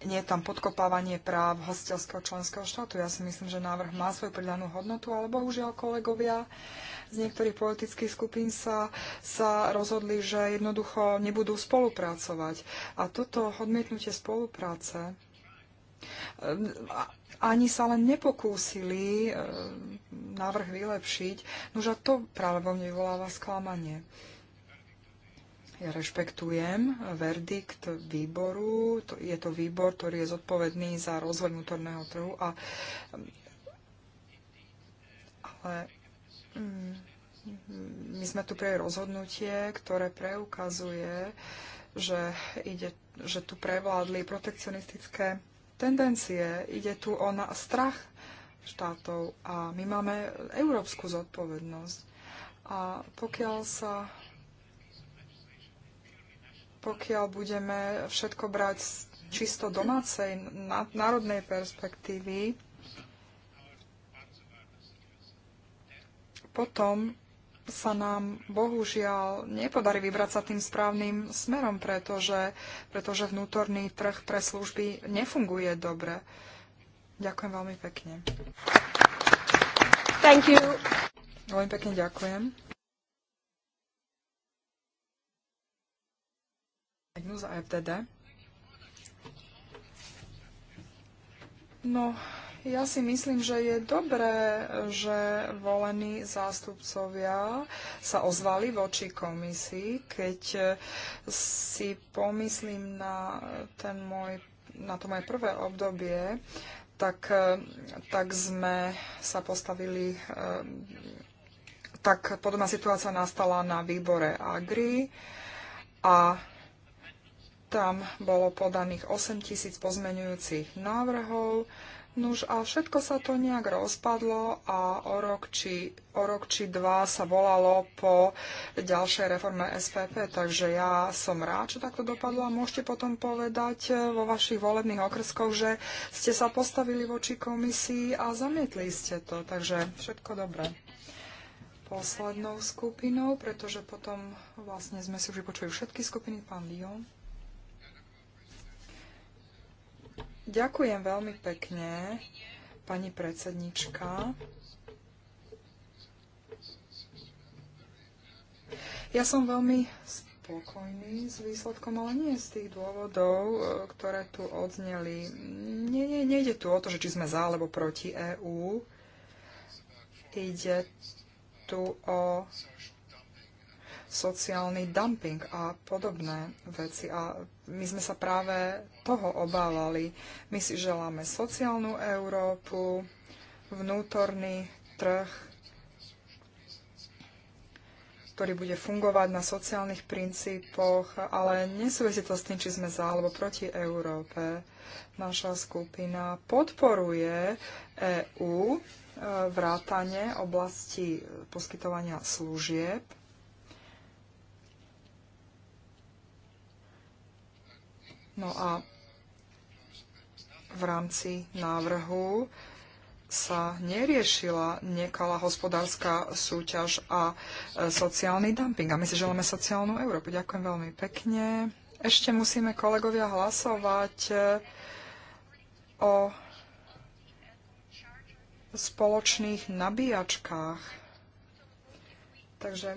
nie je tam podkopávanie práv hostelského členského štátu. Ja si myslím, že návrh má svoju pridanú hodnotu, ale bohužiaľ kolegovia z niektorých politických skupín sa, sa rozhodli, že jednoducho nebudú spolupracovať. A toto odmietnutie spolupráce eh, ani sa len nepokúsili eh, návrh vylepšiť, nože to práve vo mne vyvoláva sklamanie. Ja rešpektujem verdikt výboru. Je to výbor, ktorý je zodpovedný za rozvoj vnútorného trhu. A, ale mm, my sme tu pre rozhodnutie, ktoré preukazuje, že, ide, že tu prevládli protekcionistické tendencie. Ide tu o na, strach štátov a my máme európsku zodpovednosť. A pokiaľ sa pokiaľ budeme všetko brať z čisto domácej, národnej perspektívy, potom sa nám bohužiaľ nepodarí vybrať sa tým správnym smerom, pretože, pretože vnútorný trh pre služby nefunguje dobre. Ďakujem veľmi pekne. Thank you. Veľmi pekne ďakujem. 1 za FDD. No, ja si myslím, že je dobré, že volení zástupcovia sa ozvali voči komisii, keď si pomyslím na, ten môj, na to moje prvé obdobie, tak, tak sme sa postavili, eh, tak podobná situácia nastala na výbore Agri a tam bolo podaných 8 tisíc pozmenujúcich návrhov. Nuž a všetko sa to nejak rozpadlo a o rok, či, o rok či dva sa volalo po ďalšej reforme SPP, takže ja som rád, že takto dopadlo a môžete potom povedať eh, vo vašich volebných okrskoch, že ste sa postavili voči komisii a zamietli ste to, takže všetko dobré. Poslednou skupinou, pretože potom vlastne sme si už vypočuli všetky skupiny, pán Lyon. Ďakujem veľmi pekne, pani predsednička. Ja som veľmi spokojný s výsledkom, ale nie z tých dôvodov, e, ktoré tu odzneli. Nie, nie, nejde tu o to, že či sme za alebo proti EÚ. Ide tu o sociálny dumping a podobné veci. A my sme sa práve toho obávali. My si želáme sociálnu Európu, vnútorný trh, ktorý bude fungovať na sociálnych princípoch, ale nesúvisí to s tým, či sme za alebo proti Európe. Naša skupina podporuje EÚ e, vrátanie oblasti poskytovania služieb No a v rámci návrhu sa neriešila nekalá hospodárska súťaž a e, sociálny dumping. A my si želáme sociálnu Európu. Ďakujem veľmi pekne. Ešte musíme, kolegovia, hlasovať e, o spoločných nabíjačkách. Takže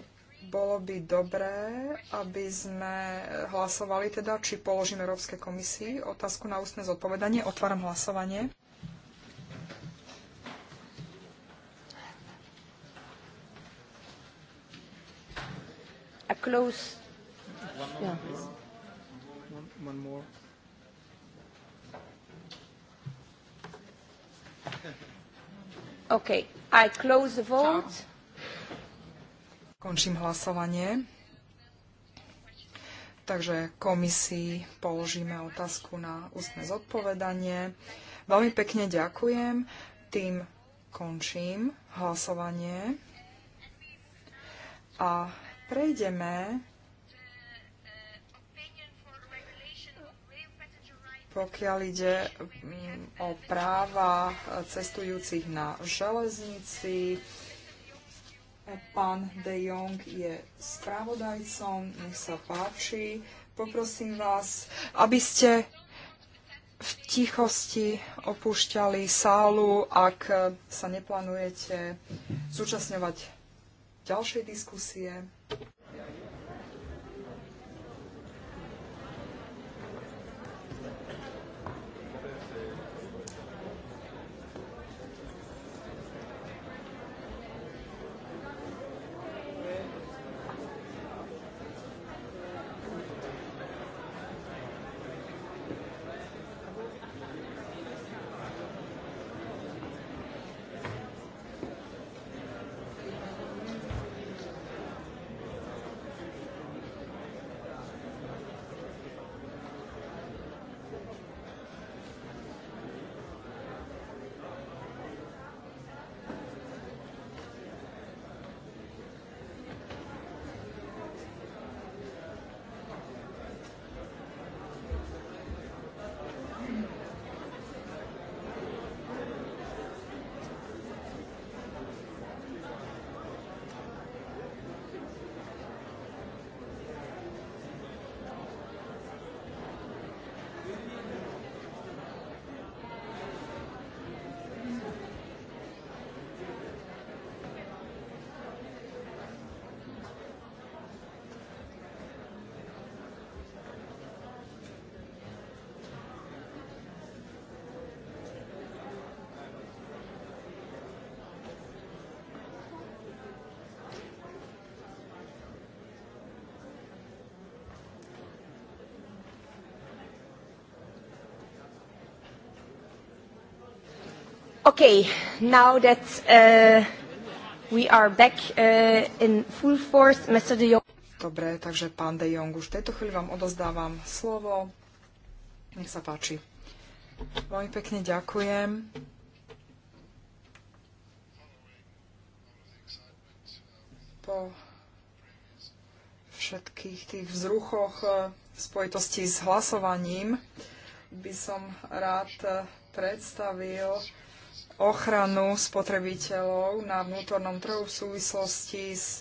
bolo by dobré, aby sme hlasovali teda, či položíme Európskej komisii otázku na ústne zodpovedanie. Otváram hlasovanie. A close. Yeah. One, more. Okay, I close the vote. Končím hlasovanie. Takže komisii položíme otázku na ústne zodpovedanie. Veľmi pekne ďakujem. Tým končím hlasovanie. A prejdeme pokiaľ ide mm, o práva cestujúcich na železnici, E, pán De Jong je správodajcom, nech sa páči. Poprosím vás, aby ste v tichosti opúšťali sálu, ak e, sa neplánujete zúčastňovať ďalšej diskusie. Okay, now that uh, we are back uh, in full force, Mr. De Jong. Dobre, takže pán De Jong, už v tejto chvíli vám odozdávam slovo. Nech sa páči. Veľmi pekne ďakujem. Po všetkých tých vzruchoch v eh, spojitosti s hlasovaním by som rád eh, predstavil ochranu spotrebiteľov na vnútornom trhu v súvislosti s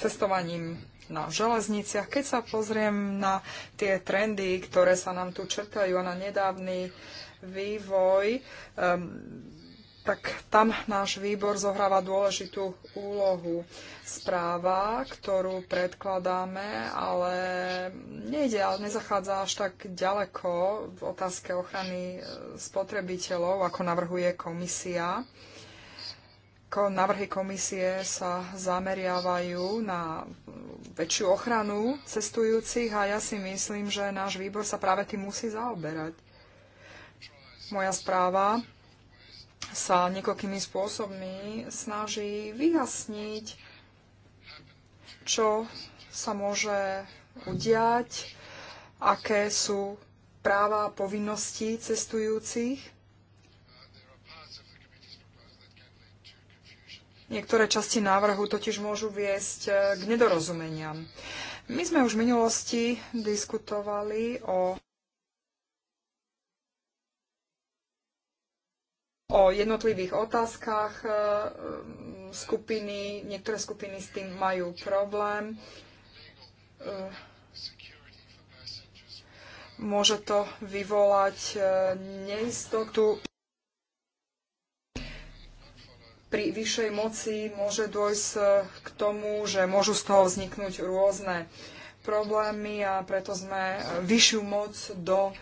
cestovaním na železniciach. Keď sa pozriem na tie trendy, ktoré sa nám tu črtajú a na nedávny vývoj, um, tak tam náš výbor zohráva dôležitú úlohu. Správa, ktorú predkladáme, ale nejde, nezachádza až tak ďaleko v otázke ochrany e, spotrebiteľov, ako navrhuje komisia. Návrhy navrhy komisie sa zameriavajú na väčšiu ochranu cestujúcich a ja si myslím, že náš výbor sa práve tým musí zaoberať. Moja správa sa niekoľkými spôsobmi snaží vyjasniť, čo sa môže udiať, aké sú práva a povinnosti cestujúcich. Niektoré časti návrhu totiž môžu viesť eh, k nedorozumeniam. My sme už v minulosti diskutovali o o jednotlivých otázkach e, skupiny. Niektoré skupiny s tým majú problém. E, môže to vyvolať e, neistotu. Pri vyššej moci môže dôjsť k tomu, že môžu z toho vzniknúť rôzne problémy a preto sme vyššiu moc do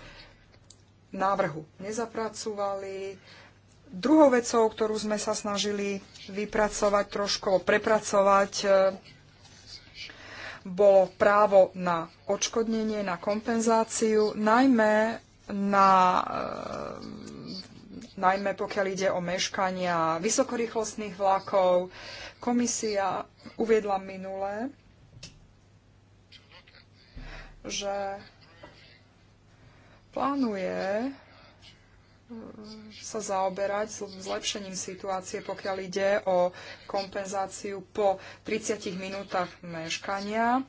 návrhu nezapracovali Druhou vecou, ktorú sme sa snažili vypracovať, trošku prepracovať, e, bolo právo na odškodnenie, na kompenzáciu, najmä na e, najmä pokiaľ ide o meškania vysokorýchlostných vlakov. Komisia uviedla minule, že plánuje sa zaoberať s zlepšením situácie, pokiaľ ide o kompenzáciu po 30 minútach meškania.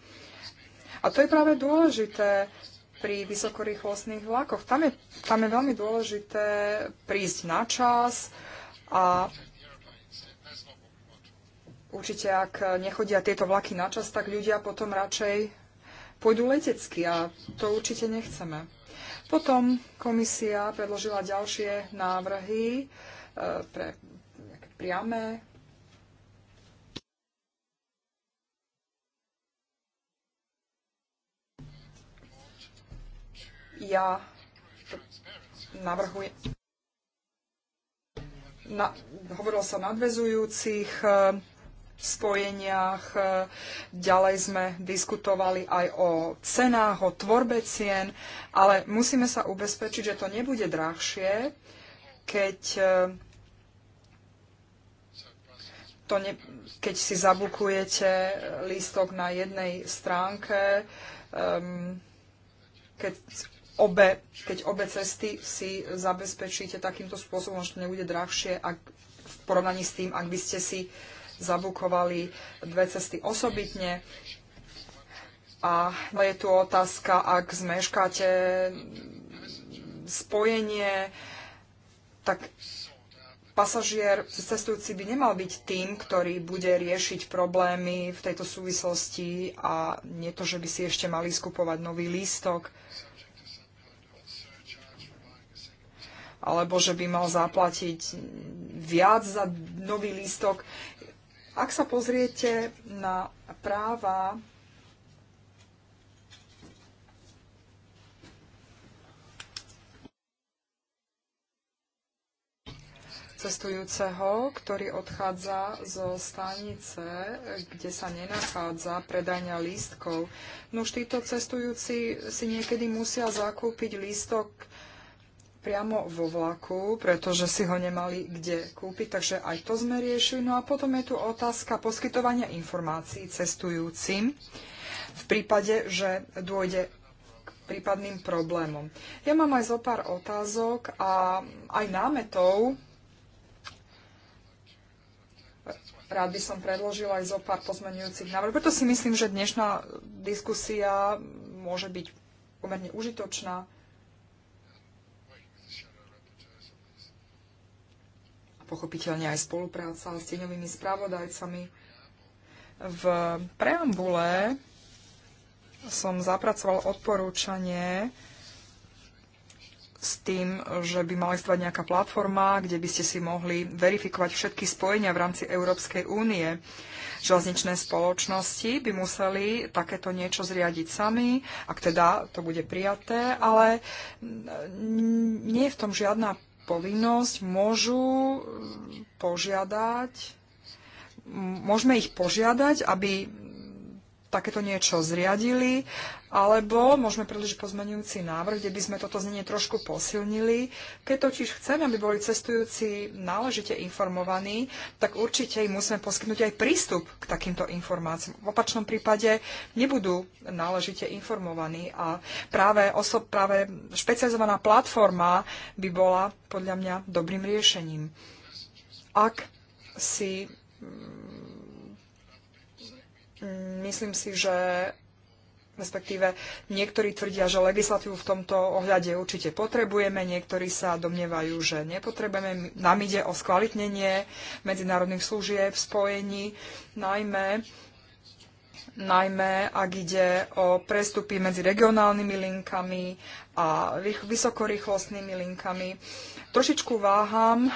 A to je práve dôležité pri vysokorýchlostných vlakoch. Tam je, tam je veľmi dôležité prísť na čas a určite, ak nechodia tieto vlaky na čas, tak ľudia potom radšej pôjdu letecky a to určite nechceme. Potom komisia predložila ďalšie návrhy e, pre nejaké priame ja navrhujem na, sa o nadvezujúcich e, spojeniach. E, ďalej sme diskutovali aj o cenách, o tvorbe cien, ale musíme sa ubezpečiť, že to nebude drahšie, keď, e, to ne, keď si zabukujete lístok na jednej stránke, um, keď obe, keď obe cesty si zabezpečíte takýmto spôsobom, že to nebude drahšie ak, v porovnaní s tým, ak by ste si uh, zabukovali dve cesty osobitne. A je tu otázka, ak zmeškáte spojenie, tak pasažier, cestujúci by nemal byť tým, ktorý bude riešiť problémy v tejto súvislosti a nie to, že by si ešte mali skupovať nový lístok alebo že by mal zaplatiť viac za nový lístok. Ak sa pozriete na práva cestujúceho, ktorý odchádza zo stanice, kde sa nenachádza predania lístkov. Nož títo cestujúci si niekedy musia zakúpiť lístok priamo vo vlaku, pretože si ho nemali kde kúpiť, takže aj to sme riešili. No a potom je tu otázka poskytovania informácií cestujúcim v prípade, že dôjde k prípadným problémom. Ja mám aj zo pár otázok a aj námetov. Rád by som predložil aj zo pár pozmenujúcich návrh, Preto si myslím, že dnešná diskusia môže byť pomerne užitočná pochopiteľne aj spolupráca s tieňovými správodajcami. V preambule som zapracoval odporúčanie s tým, že by mala existovať nejaká platforma, kde by ste si mohli verifikovať všetky spojenia v rámci Európskej únie. Železničné spoločnosti by museli takéto niečo zriadiť sami, ak teda to bude prijaté, ale nie je v tom žiadna povinnosť, môžu mm, požiadať, môžeme ich požiadať, aby takéto niečo zriadili alebo môžeme predložiť pozmenujúci návrh, kde by sme toto znenie trošku posilnili. Keď totiž chceme, aby boli cestujúci náležite informovaní, tak určite im musíme poskytnúť aj prístup k takýmto informáciám. V opačnom prípade nebudú náležite informovaní a práve, oso- práve špecializovaná platforma by bola podľa mňa dobrým riešením. Ak si mm, myslím si, že respektíve niektorí tvrdia, že legislatívu v tomto ohľade určite potrebujeme, niektorí sa domnievajú, že nepotrebujeme. Nám ide o skvalitnenie medzinárodných služieb v spojení, najmä najmä ak ide o prestupy medzi regionálnymi linkami a vysokorýchlostnými linkami. Trošičku váham, eh,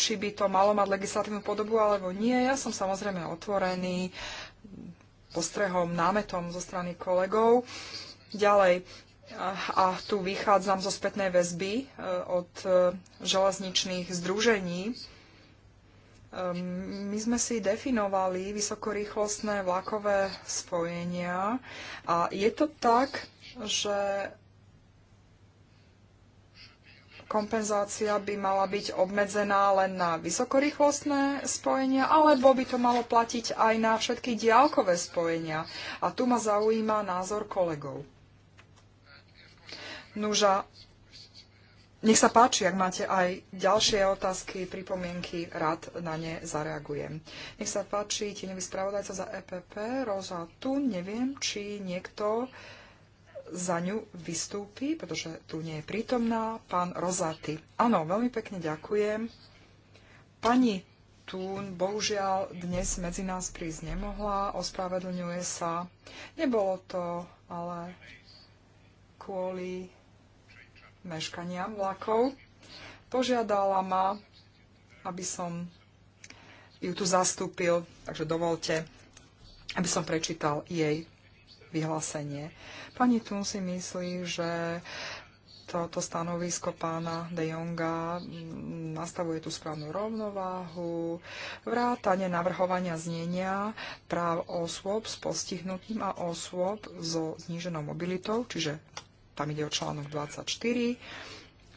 či by to malo mať legislatívnu podobu alebo nie. Ja som samozrejme otvorený postrehom, námetom zo strany kolegov. Ďalej, a tu vychádzam zo spätnej väzby e, od e, železničných združení. E, my sme si definovali vysokorýchlostné vlakové spojenia a je to tak, že kompenzácia by mala byť obmedzená len na vysokorýchlostné spojenia, alebo by to malo platiť aj na všetky diálkové spojenia. A tu ma zaujíma názor kolegov. Nuža, nech sa páči, ak máte aj ďalšie otázky, pripomienky, rád na ne zareagujem. Nech sa páči, tieňový spravodajca za EPP, Roza, tu neviem, či niekto uh, za ňu vystúpi, pretože tu nie je prítomná, pán Rozaty. Áno, veľmi pekne ďakujem. Pani Tún bohužiaľ dnes medzi nás prísť nemohla, ospravedlňuje sa. Nebolo to ale kvôli meškaniam vlakov. Požiadala ma, aby som ju tu zastúpil, takže dovolte, aby som prečítal jej vyhlásenie. Pani Tun si myslí, že toto stanovisko pána De Jonga mm, nastavuje tú správnu rovnováhu, vrátanie navrhovania znenia práv osôb s postihnutím a osôb so zníženou mobilitou, čiže tam ide o článok 24.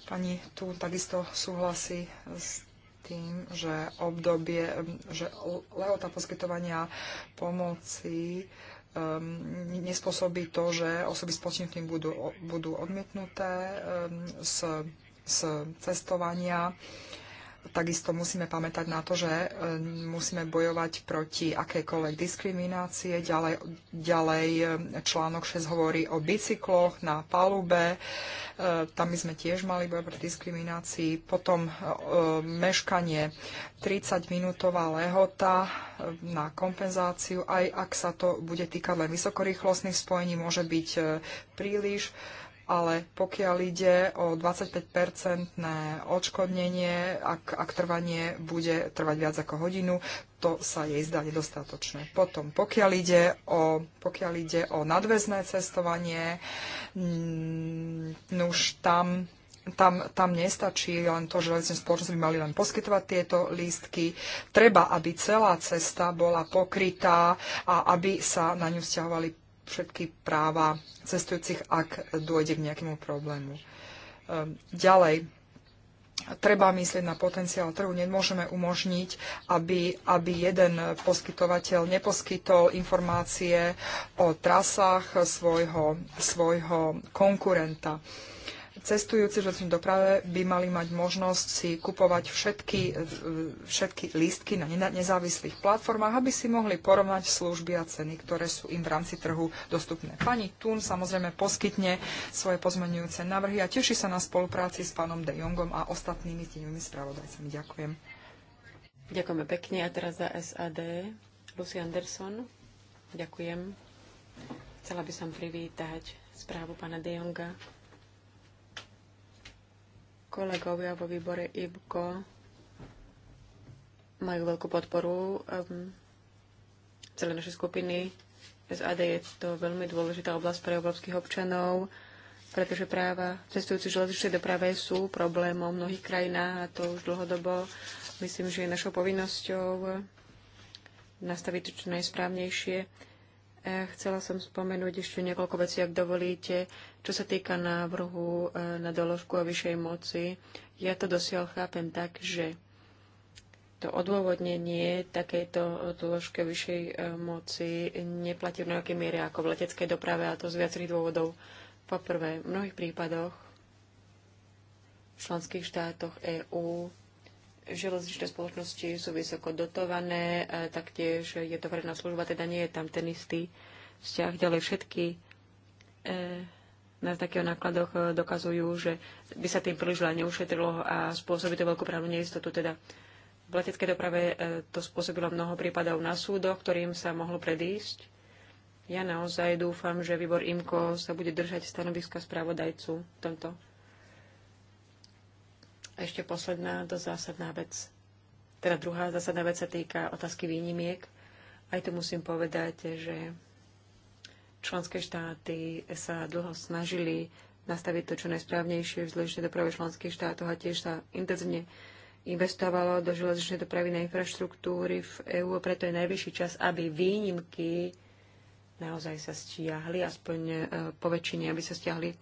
Pani tu takisto súhlasí s tým, že obdobie, mm, že lehota poskytovania pomoci um, nespôsobí to, že osoby s postihnutím budú, budú odmietnuté um, z, z cestovania. Um, takisto musíme pamätať na to, že e, musíme bojovať proti akékoľvek diskriminácie. Ďalej, ďalej e, článok 6 hovorí o bicykloch na palube. E, tam by sme tiež mali bojovať proti diskriminácii. Potom meškanie 30-minútová lehota na kompenzáciu, aj ak sa to bude týkať len vysokorýchlostných spojení, môže byť príliš ale pokiaľ ide o 25-percentné odškodnenie, ak, ak trvanie bude trvať viac ako hodinu, to sa jej zdá nedostatočné. Potom, pokiaľ ide o, pokiaľ ide o nadväzné cestovanie, mm, už tam tam, tam nestačí len to, že železničné spoločnosti by mali len poskytovať tieto lístky. Treba, aby celá cesta bola pokrytá a aby sa na ňu vzťahovali všetky práva cestujúcich, ak dôjde k nejakému problému. Ehm, ďalej, treba myslieť na potenciál trhu. Nemôžeme umožniť, aby, aby jeden poskytovateľ neposkytol informácie o trasách svojho, svojho konkurenta. Uh, Cestujúci v letnej doprave by mali mať možnosť si kupovať všetky, všetky lístky na nezávislých platformách, aby si mohli porovnať služby a ceny, ktoré sú im v rámci trhu dostupné. Pani Tun samozrejme poskytne svoje pozmenujúce návrhy a teší sa na spolupráci s pánom De Jongom a ostatnými tímovými spravodajcami. Ďakujem. Ďakujeme pekne a teraz za SAD. Lucy Anderson. Ďakujem. Chcela by som privítať správu pána De Jonga Kolegovia vo výbore IBKO majú veľkú podporu um, ehm, celé naše skupiny. SAD je to veľmi dôležitá oblasť pre európskych občanov, pretože práva cestujúci železničnej doprave sú problémom v mnohých krajinách a to už dlhodobo myslím, že je našou povinnosťou nastaviť čo najsprávnejšie E, chcela som spomenúť ešte niekoľko vecí, ak dovolíte. Čo sa týka návrhu e, na doložku o vyššej moci, ja to dosiaľ chápem tak, že to odôvodnenie takejto doložke vyššej e, moci neplatí v nejakej miere ako v leteckej doprave, a to z viacerých dôvodov. Poprvé, v mnohých prípadoch v členských štátoch EÚ železničné spoločnosti sú vysoko dotované, taktiež je to verejná služba, teda nie je tam ten istý vzťah. Ďalej všetky e, na takých nákladoch e, dokazujú, že by sa tým príliš neušetrilo a spôsobí to veľkú právnu neistotu. Teda v leteckej doprave e, to spôsobilo mnoho prípadov na súdoch, ktorým sa mohlo predísť. Ja naozaj dúfam, že výbor IMKO sa bude držať stanoviska správodajcu v tomto a Ešte posledná, dosť zásadná vec. Teda druhá zásadná vec sa týka otázky výnimiek. Aj tu musím povedať, že členské štáty sa dlho snažili nastaviť to čo najsprávnejšie v železničnej doprave členských štátov a tiež sa intenzívne investovalo do železničnej dopravy na infraštruktúry v EÚ, preto je najvyšší čas, aby výnimky naozaj sa stiahli, aspoň e, po väčšine, aby sa stiahli.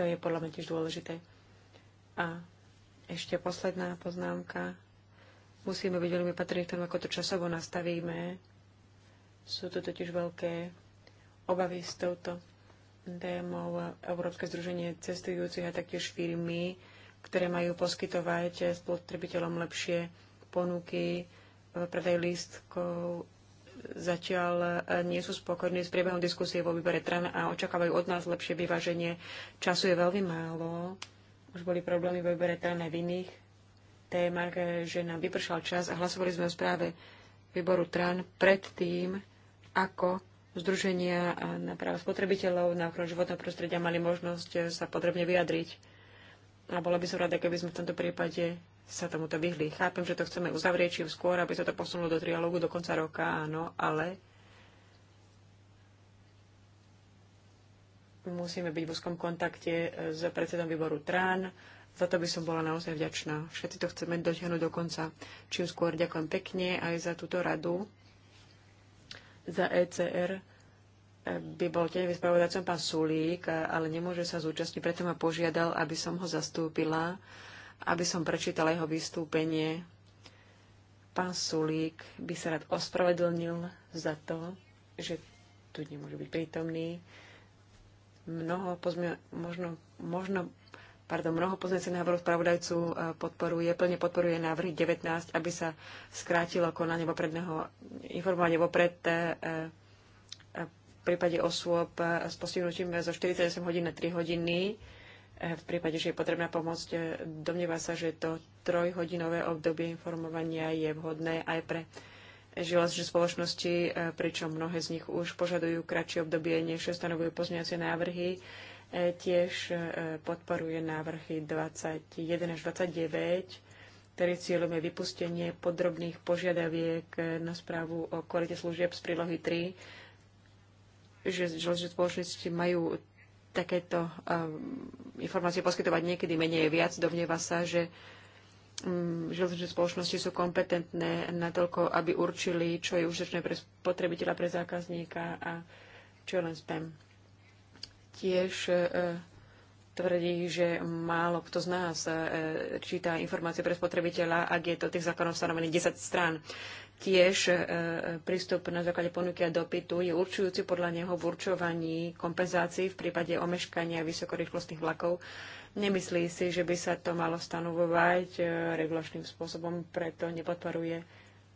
To je podľa mňa tiež dôležité. A ešte posledná poznámka. Musíme byť veľmi patrní v tom, ako to časovo nastavíme. Sú tu totiž veľké obavy s touto témou Európske združenie cestujúcich a taktiež firmy, ktoré majú poskytovať spotrebiteľom lepšie ponuky, predaj lístkov. Zatiaľ eh, nie sú spokojní s priebehom diskusie vo výbere TRAN a očakávajú od nás lepšie vyváženie. Času je veľmi málo. Už boli problémy vo výbere telné v iných témach, eh, že nám vypršal čas a hlasovali sme o správe výboru TRAN pred tým, ako Združenia eh, na práva spotrebiteľov na ochranu životného prostredia mali možnosť eh, sa podrobne vyjadriť. A bola by som rada, keby sme v tomto prípade sa tomuto vyhli. Chápem, že to chceme uzavrieť čím skôr, aby sa to posunulo do trialógu do konca roka, áno, ale musíme byť v úzkom kontakte e, s predsedom výboru TRAN. Za to by som bola naozaj vďačná. Všetci to chceme dotiahnuť do konca. Čím skôr ďakujem pekne aj za túto radu. Za ECR e, by bol tiež spravodajcom pán Sulík, e, ale nemôže sa zúčastniť, preto ma požiadal, aby som ho zastúpila, aby som prečítala jeho vystúpenie. Pán Sulík by sa rád ospravedlnil za to, že tu nemôže byť prítomný Mnoho pozme, možno, možno pardon, mnoho pozmeňujúcich návrhov spravodajcu e, podporuje, plne podporuje návrh 19, aby sa skrátilo konanie vopredného informovanie vopred e, e, v prípade osôb s postihnutím zo 48 hodín na 3 hodiny. V prípade, že je potrebná pomoc, domnieva sa, že to trojhodinové obdobie informovania je vhodné aj pre železničnej vlastne spoločnosti, e, pričom mnohé z nich už požadujú kratšie obdobie, než stanovujú pozňovacie návrhy. E, tiež e, podporuje návrhy 21 až 29, ktorý cieľom je vypustenie podrobných požiadaviek na správu o kvalite služieb z prílohy 3, že železničné spoločnosti majú takéto um, informácie poskytovať niekedy menej viac. Dovnieva sa, že uh, Mm, železničné spoločnosti sú kompetentné natoľko, aby určili, čo je užitočné pre spotrebiteľa, pre zákazníka a čo je len spam. Tiež e, tvrdí, že málo kto z nás e, číta informácie pre spotrebiteľa, ak je to tých zákonov stanovených 10 strán. Tiež e, prístup na základe ponuky a dopytu je určujúci podľa neho v určovaní kompenzácií v prípade omeškania vysokorýchlostných vlakov Nemyslí si, že by sa to malo stanovovať e, regulačným spôsobom, preto nepodporuje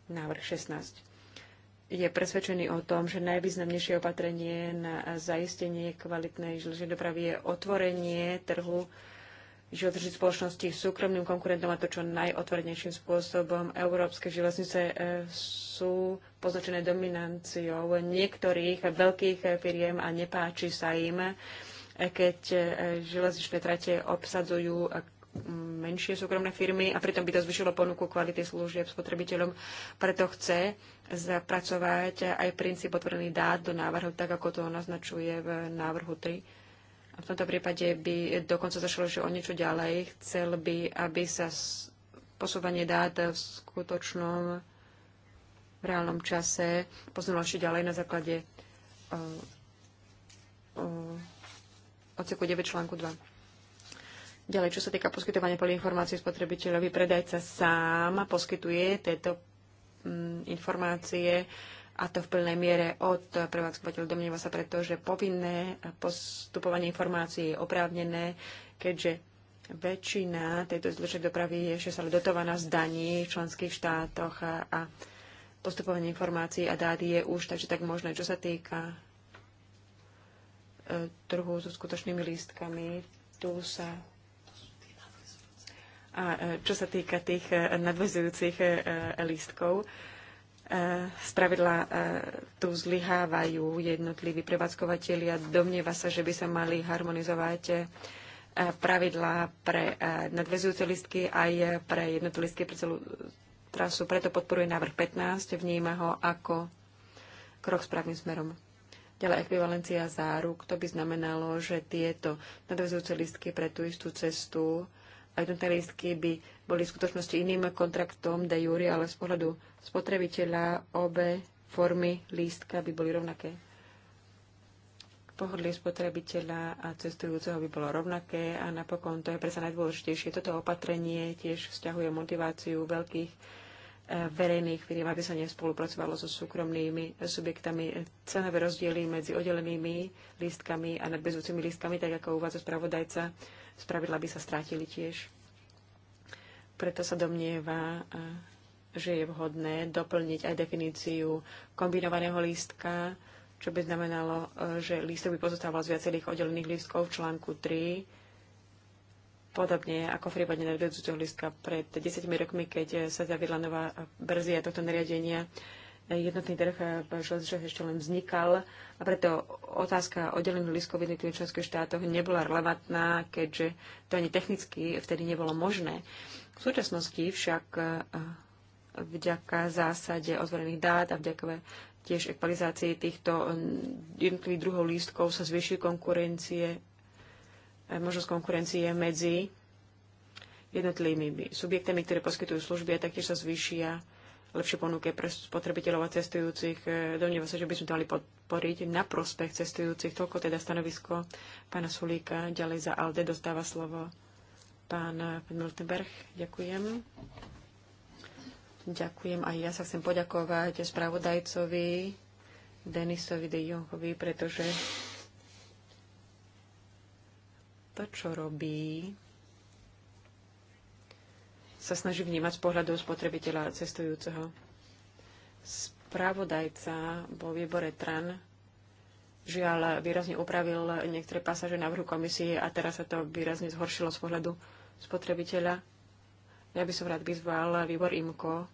návrh 16. Je presvedčený o tom, že najvýznamnejšie opatrenie na zaistenie kvalitnej železničnej dopravy je otvorenie trhu železničných spoločností súkromným konkurentom a to čo najotvorenejším spôsobom. Európske železnice e, sú poznačené dominanciou niektorých veľkých firiem a nepáči sa im E, keď e, železničné trate obsadzujú e, menšie súkromné firmy a pritom by to zvyšilo ponuku kvality služieb spotrebiteľom. Preto chce zapracovať aj princíp otvorených dát do návrhu, tak ako to naznačuje v návrhu 3. A v tomto prípade by dokonca zašlo že o niečo ďalej. Chcel by, aby sa posúvanie dát v skutočnom v reálnom čase posunulo ešte ďalej na základe odseku 9 článku 2. Ďalej, čo sa týka poskytovania plných informácií spotrebiteľovi, predajca sám poskytuje tieto mm, informácie a to v plnej miere od prevádzkovateľa. Domnieva sa preto, že povinné postupovanie informácií je oprávnené, keďže väčšina tejto zložek dopravy je ešte stále dotovaná z daní v členských štátoch a, a postupovanie informácií a dát je už takže tak možné, čo sa týka trhu so skutočnými lístkami. Tu sa a e, čo sa týka tých e, nadvezujúcich e, lístkov, spravidla tu zlyhávajú jednotliví prevádzkovateľia. Domnieva sa, že by sa mali harmonizovať pravidlá pre nadvezujúce listky aj pre jednotlivé listky pre celú trasu. Preto podporuje návrh 15, vníma ho ako krok správnym smerom. Ďalej ekvivalencia záruk, to by znamenalo, že tieto nadvezujúce listky pre tú istú cestu a jednotné listky by boli v skutočnosti iným kontraktom de jure, ale z pohľadu spotrebiteľa obe formy lístka by boli rovnaké. Pohodlie spotrebiteľa a cestujúceho by bolo rovnaké a napokon to je predsa najdôležitejšie. Toto opatrenie tiež vzťahuje motiváciu veľkých verejných firiem, aby sa nespolupracovalo so súkromnými subjektami. Cenové rozdiely medzi oddelenými lístkami a nadbezúcimi lístkami, tak ako uvádza spravodajca, z pravidla by sa strátili tiež. Preto sa domnieva, že je vhodné doplniť aj definíciu kombinovaného lístka, čo by znamenalo, že lístok by pozostával z viacerých oddelených lístkov v článku 3 Podobne ako v prípade nadvedúceho lístka pred 10 rokmi, keď sa zaviedla nová verzia tohto nariadenia, jednotný trh železničných ešte len vznikal a preto otázka o deleniu lístkov v jednotlivých členských štátoch nebola relevantná, keďže to ani technicky vtedy nebolo možné. V súčasnosti však eh, vďaka zásade otvorených dát a vďaka tiež ekvalizácii týchto eh, jednotlivých druhov lístkov sa zvýši konkurencie možnosť konkurencie medzi jednotlivými subjektami, ktoré poskytujú služby a taktiež sa zvýšia lepšie ponuke pre spotrebiteľov a cestujúcich. E, Domnieva sa, že by sme to mali podporiť na prospech cestujúcich. Toľko teda stanovisko pána Sulíka. Ďalej za Alde dostáva slovo pán Miltenberg. Ďakujem. Ďakujem. A ja sa chcem poďakovať spravodajcovi Denisovi de Jongovi, pretože to, čo robí, sa snaží vnímať z pohľadu spotrebiteľa cestujúceho. Spravodajca vo výbore TRAN žiaľ výrazne upravil niektoré na návrhu komisie a teraz sa to výrazne zhoršilo z pohľadu spotrebiteľa. Ja by som rád vyzval výbor IMKO,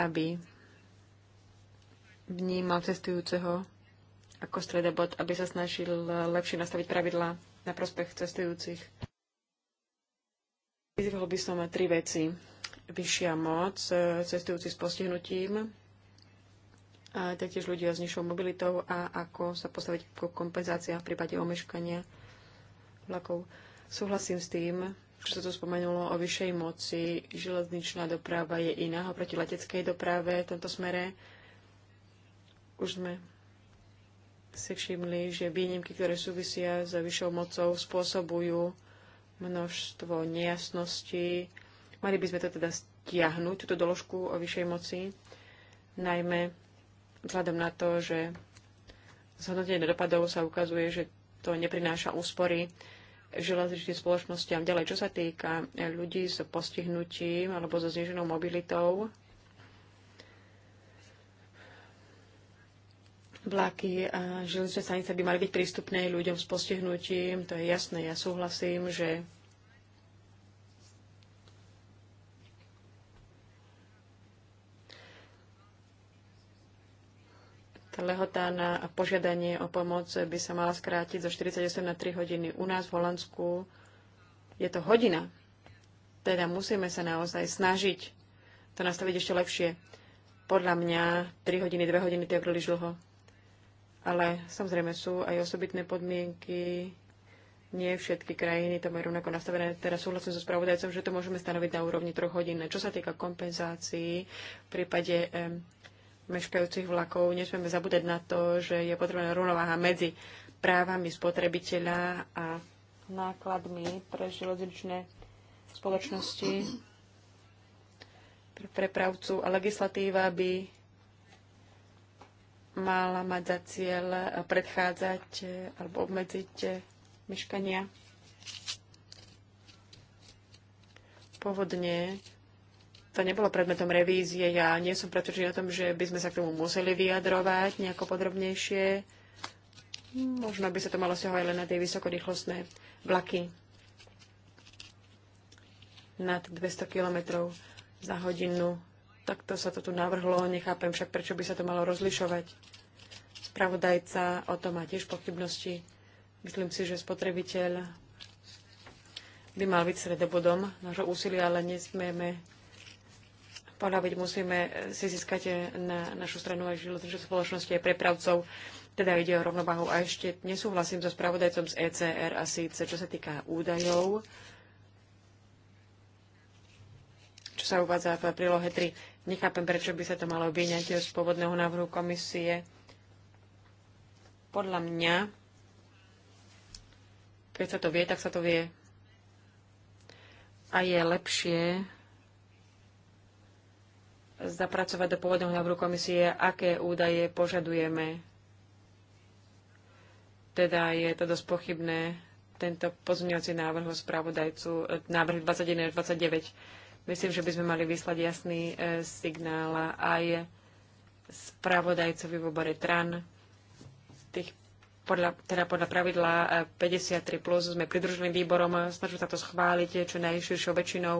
aby vnímal cestujúceho ako bod, aby sa snažil eh, lepšie nastaviť pravidlá na prospech cestujúcich. Vyzval by som tri veci. Vyššia moc, eh, cestujúci s postihnutím, a taktiež ľudia s nižšou mobilitou a ako sa postaviť ako kompenzáciám v prípade omeškania vlakov. Súhlasím s tým, čo sa tu spomenulo o vyššej moci. Železničná doprava je iná oproti leteckej doprave v tomto smere. Už sme si všimli, že výnimky, ktoré súvisia s vyššou mocou, spôsobujú množstvo nejasností. Mali by sme to teda stiahnuť, túto doložku o vyššej moci, najmä vzhľadom na to, že zhodnotenie dopadov sa ukazuje, že to neprináša úspory železničným spoločnosťam. Ďalej, čo sa týka ľudí s postihnutím alebo so zniženou mobilitou, Vlaky a železničné stanice by mali byť prístupné ľuďom s postihnutím, to je jasné, ja súhlasím, že lehota na požiadanie o pomoc by sa mala skrátiť zo 48 na 3 hodiny. U nás v Holandsku je to hodina. Teda musíme sa naozaj snažiť to nastaviť ešte lepšie. Podľa mňa 3 hodiny, 2 hodiny to je príliš dlho. Ale samozrejme sú aj osobitné podmienky. Nie všetky krajiny to majú rovnako nastavené. Teraz súhlasím so spravodajcom, že to môžeme stanoviť na úrovni troch hodín. Čo sa týka kompenzácií v prípade um, meškajúcich vlakov, nesmieme zabúdať na to, že je potrebná rovnováha medzi právami spotrebiteľa a nákladmi pre železničné spoločnosti, pre prepravcu a legislatíva by mala mať za cieľ eh, predchádzať eh, alebo obmedziť eh, meškania. Pôvodne to nebolo predmetom revízie. Ja nie som pretože o tom, že by sme sa k tomu museli vyjadrovať nejako podrobnejšie. Možno by sa to malo stiahovať len na tie vysokorýchlostné vlaky nad 200 km za hodinu Takto sa to tu navrhlo, nechápem však, prečo by sa to malo rozlišovať. Spravodajca o tom má tiež pochybnosti. Myslím si, že spotrebiteľ by mal byť sredobodom nášho úsilia, ale nesmieme poľaviť, musíme si získať na našu stranu aj žilotržných spoločnosti, aj prepravcov. Teda ide o rovnováhu. A ešte nesúhlasím so spravodajcom z ECR a síce, čo sa týka údajov. čo sa uvádza v prílohe 3. Nechápem, prečo by sa to malo obíňať z pôvodného návrhu komisie. Podľa mňa, keď sa to vie, tak sa to vie. A je lepšie zapracovať do pôvodného návrhu komisie, aké údaje požadujeme. Teda je to dosť pochybné, tento pozmeňovací návrh spravodajcu, eh, návrh 21 a 29. Myslím, že by sme mali vyslať jasný e, signál aj spravodajcovi v obore TRAN. Tých podľa, teda podľa pravidla 53 e, plus sme pridruženým výborom, snažili sa to schváliť e, čo najširšou väčšinou,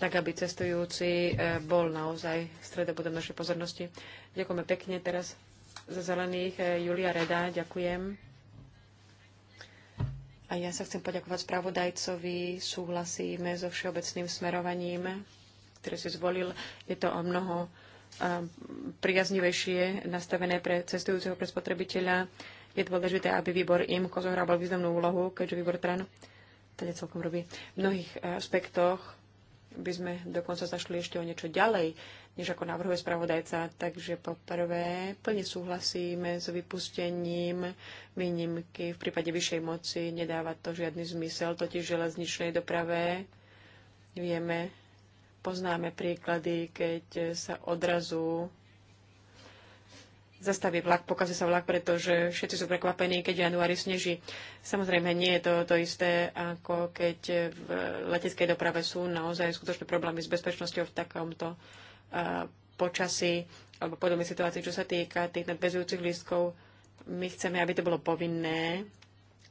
tak aby cestujúci bol naozaj stredobodom našej pozornosti. Ďakujeme pekne teraz za zelených. Julia Reda, ďakujem. A ja sa chcem poďakovať spravodajcovi, súhlasíme so všeobecným smerovaním, ktoré si zvolil. Je to o mnoho um, priaznivejšie nastavené pre cestujúceho, pre spotrebiteľa. Je dôležité, aby výbor IMCO zohrával významnú úlohu, keďže výbor TRAN teda celkom robí v mnohých eh, aspektoch by sme dokonca zašli ešte o niečo ďalej, než ako navrhuje spravodajca. Takže poprvé plne súhlasíme s vypustením výnimky v prípade vyššej moci. Nedáva to žiadny zmysel, totiž železničnej doprave vieme, poznáme príklady, keď sa odrazu zastaví vlak, pokazí sa vlak, pretože všetci sú prekvapení, keď v januári sneží. Samozrejme, nie je to to isté, ako keď v leteckej doprave sú naozaj skutočné problémy s bezpečnosťou v takomto eh, počasí alebo podobnej situácii, čo sa týka tých nadvezujúcich lístkov. My chceme, aby to bolo povinné,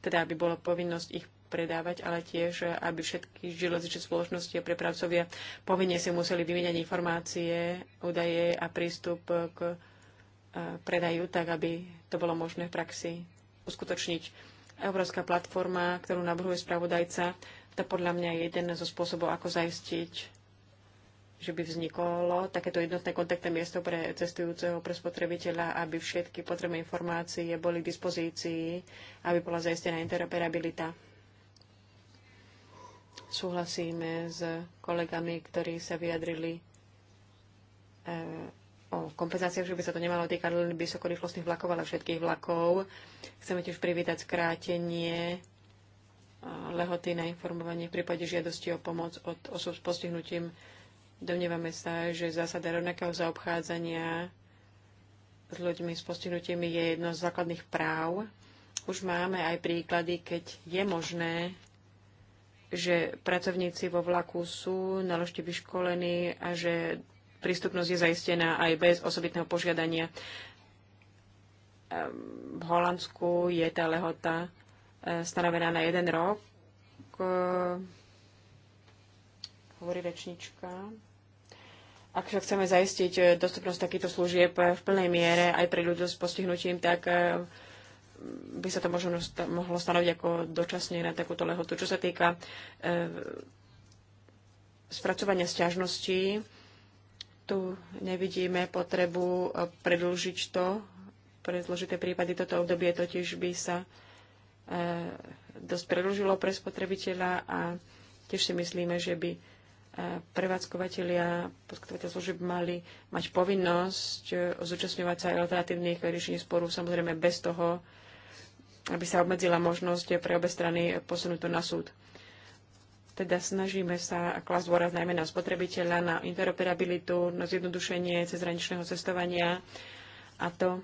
teda aby bolo povinnosť ich predávať, ale tiež, aby všetky železničné spoločnosti a prepravcovia povinne si museli vymieňať informácie, údaje a prístup k E, predajú, tak aby to bolo možné v praxi uskutočniť. Európska platforma, ktorú navrhuje spravodajca, to podľa mňa je jeden zo spôsobov, ako zaistiť, že by vzniklo takéto jednotné kontaktné miesto pre cestujúceho, pre spotrebiteľa, aby všetky potrebné informácie boli k dispozícii, aby bola zaistená interoperabilita. Súhlasíme s kolegami, ktorí sa vyjadrili e, o kompenzáciách, že by sa to nemalo týkať len vysokorýchlostných vlakov, ale všetkých vlakov. Chceme tiež privítať skrátenie lehoty na informovanie v prípade žiadosti o pomoc od osob s postihnutím. Domnievame sa, že zásada rovnakého zaobchádzania s ľuďmi s postihnutím je jedno z základných práv. Už máme aj príklady, keď je možné, že pracovníci vo vlaku sú naložte vyškolení a že prístupnosť je zaistená aj bez osobitného požiadania. Ehm, v Holandsku je tá lehota eh, stanovená na jeden rok. Eh, hovorí rečnička. Ak však chceme zaistiť eh, dostupnosť takýchto služieb v plnej miere aj pre ľudí s postihnutím, tak by sa to možno mohlo stanoviť ako dočasne na takúto lehotu. Čo sa týka spracovania sťažností, tu nevidíme potrebu eh, predlžiť to. Pre zložité prípady toto obdobie totiž by sa eh, dosť predlžilo pre spotrebiteľa a tiež si myslíme, že by eh, prevádzkovateľia, poskytovateľ služieb mali mať povinnosť zúčastňovať sa alternatívnych riešení sporu, samozrejme bez toho, aby sa obmedzila možnosť pre obe strany posunúť to na súd. Teda snažíme sa klas dôraz najmä na spotrebiteľa, na interoperabilitu, na zjednodušenie cezhraničného cestovania a to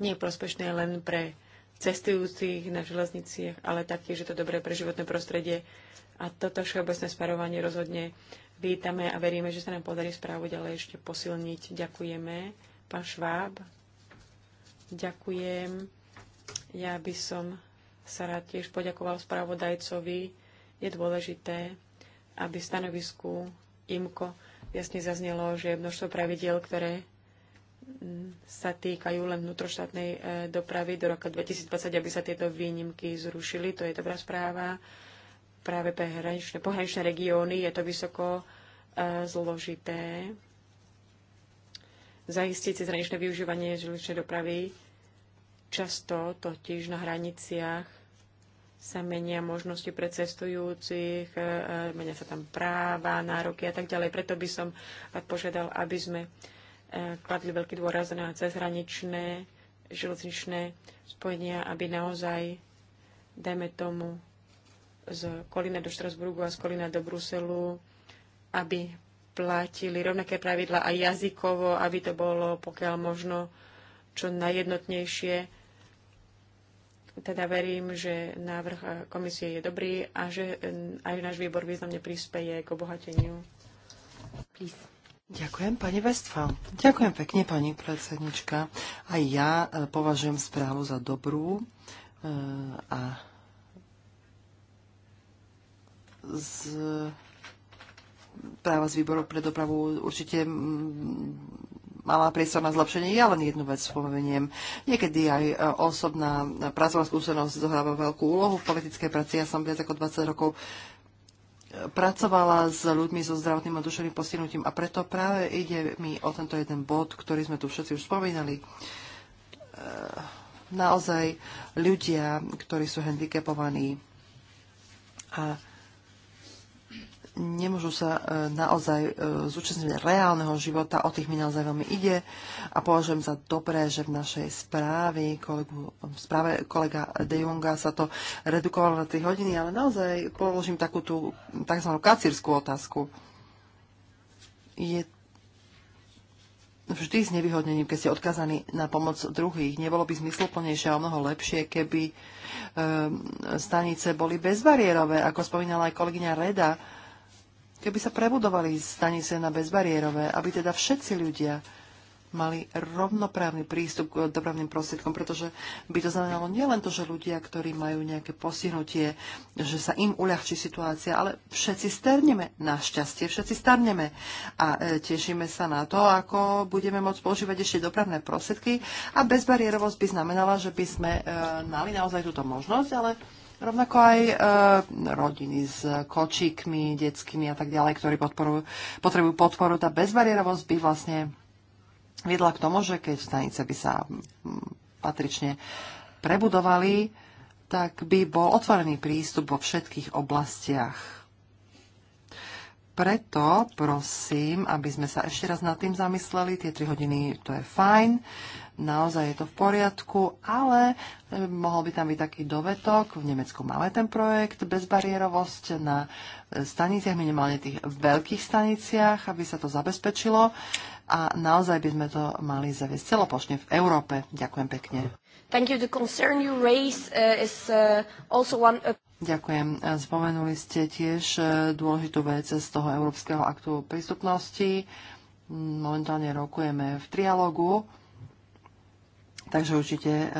nie je prospešné len pre cestujúcich na železniciach, ale taktiež je to dobré pre životné prostredie. A toto všeobecné sparovanie rozhodne vítame a veríme, že sa nám podarí správu ďalej ešte posilniť. Ďakujeme. Pán Šváb, ďakujem. Ja by som sa rád tiež poďakoval správodajcovi je dôležité, aby v stanovisku IMKO jasne zaznelo, že je množstvo pravidiel, ktoré mm, sa týkajú len vnútroštátnej e, dopravy do roka 2020, aby sa tieto výnimky zrušili. To je dobrá správa. Práve pre hraničné, pohraničné regióny je to vysoko e, zložité zaistiť cezhraničné využívanie železničnej dopravy. Často totiž na hraniciach sa menia možnosti pre cestujúcich, e, e, menia sa tam práva, nároky a tak ďalej. Preto by som požiadal, aby sme e, kladli veľký dôraz na cezhraničné železničné spojenia, aby naozaj, dajme tomu, z kolina do Štrasburgu a z Kolina do Bruselu, aby platili rovnaké pravidla aj jazykovo, aby to bolo pokiaľ možno čo najjednotnejšie teda verím, že návrh komisie je dobrý a že aj náš výbor významne prispieje k obohateniu. Please. Ďakujem, pani Westphal. Ďakujem pekne, pani predsednička. Aj ja e, považujem správu za dobrú e, a z práva z výboru pre dopravu určite mala priestor na zlepšenie. Ja len jednu vec spomeniem. Niekedy aj e, osobná pracovná skúsenosť zohráva veľkú úlohu v politickej práci. Ja som viac ako 20 rokov e, pracovala s ľuďmi so zdravotným a duševným postihnutím a preto práve ide mi o tento jeden bod, ktorý sme tu všetci už spomínali. E, naozaj ľudia, ktorí sú handicapovaní a nemôžu sa e, naozaj e, zúčastniť reálneho života, o tých mi naozaj veľmi ide a považujem za dobré, že v našej správe, kolegu, v správe kolega De Jonga sa to redukovalo na 3 hodiny, ale naozaj položím takú tú tzv. kacírskú otázku. Je vždy s nevyhodnením, keď ste odkazaní na pomoc druhých. Nebolo by zmysluplnejšie a mnoho lepšie, keby e, stanice boli bezbariérové, ako spomínala aj kolegyňa Reda keby sa prebudovali stanice na bezbariérové, aby teda všetci ľudia mali rovnoprávny prístup k dopravným prostriedkom, pretože by to znamenalo nielen to, že ľudia, ktorí majú nejaké postihnutie, že sa im uľahčí situácia, ale všetci starneme. Našťastie všetci starneme. A e, tešíme sa na to, ako budeme môcť používať ešte dopravné prostriedky. A bezbariérovosť by znamenala, že by sme e, mali naozaj túto možnosť, ale Rovnako aj e, rodiny s kočíkmi, detskými a tak ďalej, ktorí potrebujú podporu. Tá bezbariérovosť by vlastne viedla k tomu, že keď stanice by sa patrične prebudovali, tak by bol otvorený prístup vo všetkých oblastiach. Preto prosím, aby sme sa ešte raz nad tým zamysleli. Tie 3 hodiny to je fajn, naozaj je to v poriadku, ale e, mohol by tam byť taký dovetok. V Nemecku máme ten projekt bezbariérovosť na e, staniciach, minimálne tých veľkých staniciach, aby sa to zabezpečilo a naozaj by sme to mali zaviesť celoplošne v Európe. Ďakujem pekne. Thank you. The concern you raise uh, is uh, also one Ďakujem. Spomenuli ste tiež e, dôležitú vec z toho Európskeho aktu prístupnosti. Momentálne rokujeme v trialogu Takže určite ehm,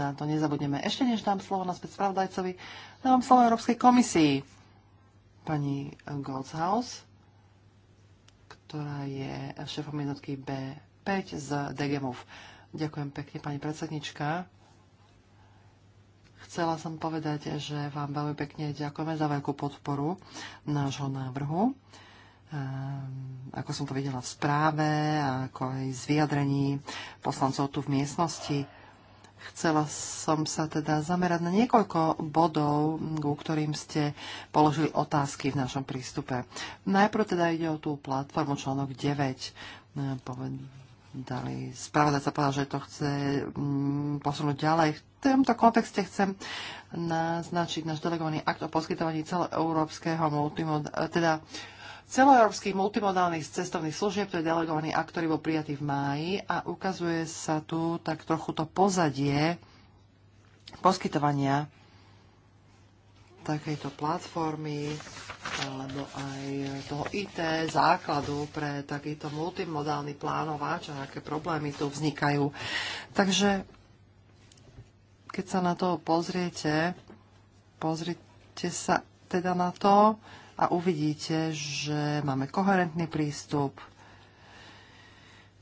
na to nezabudneme. Ešte než dám slovo naspäť spravodajcovi, dávam slovo Európskej komisii. Pani Goldshaus, ktorá je šéfom jednotky B5 z DGMOV. Ďakujem pekne, pani predsednička. Chcela som povedať, že vám veľmi pekne ďakujeme za veľkú podporu nášho návrhu. Ehm, ako som to videla v správe, ako aj z vyjadrení poslancov tu v miestnosti. Chcela som sa teda zamerať na niekoľko bodov, ku ktorým ste položili otázky v našom prístupe. Najprv teda ide o tú platformu článok 9. Ehm, povedali, sa povedal, že to chce mm, posunúť ďalej. V tomto kontexte chcem naznačiť náš delegovaný akt o poskytovaní celoeurópskeho multimod, teda celoeurópskych multimodálnych cestovných služieb, to je delegovaný akt, ktorý bol prijatý v máji a ukazuje sa tu tak trochu to pozadie poskytovania takejto platformy alebo aj toho IT základu pre takýto multimodálny plánovač a aké problémy tu vznikajú. Takže keď sa na to pozriete, pozrite sa teda na to, a uvidíte, že máme koherentný prístup.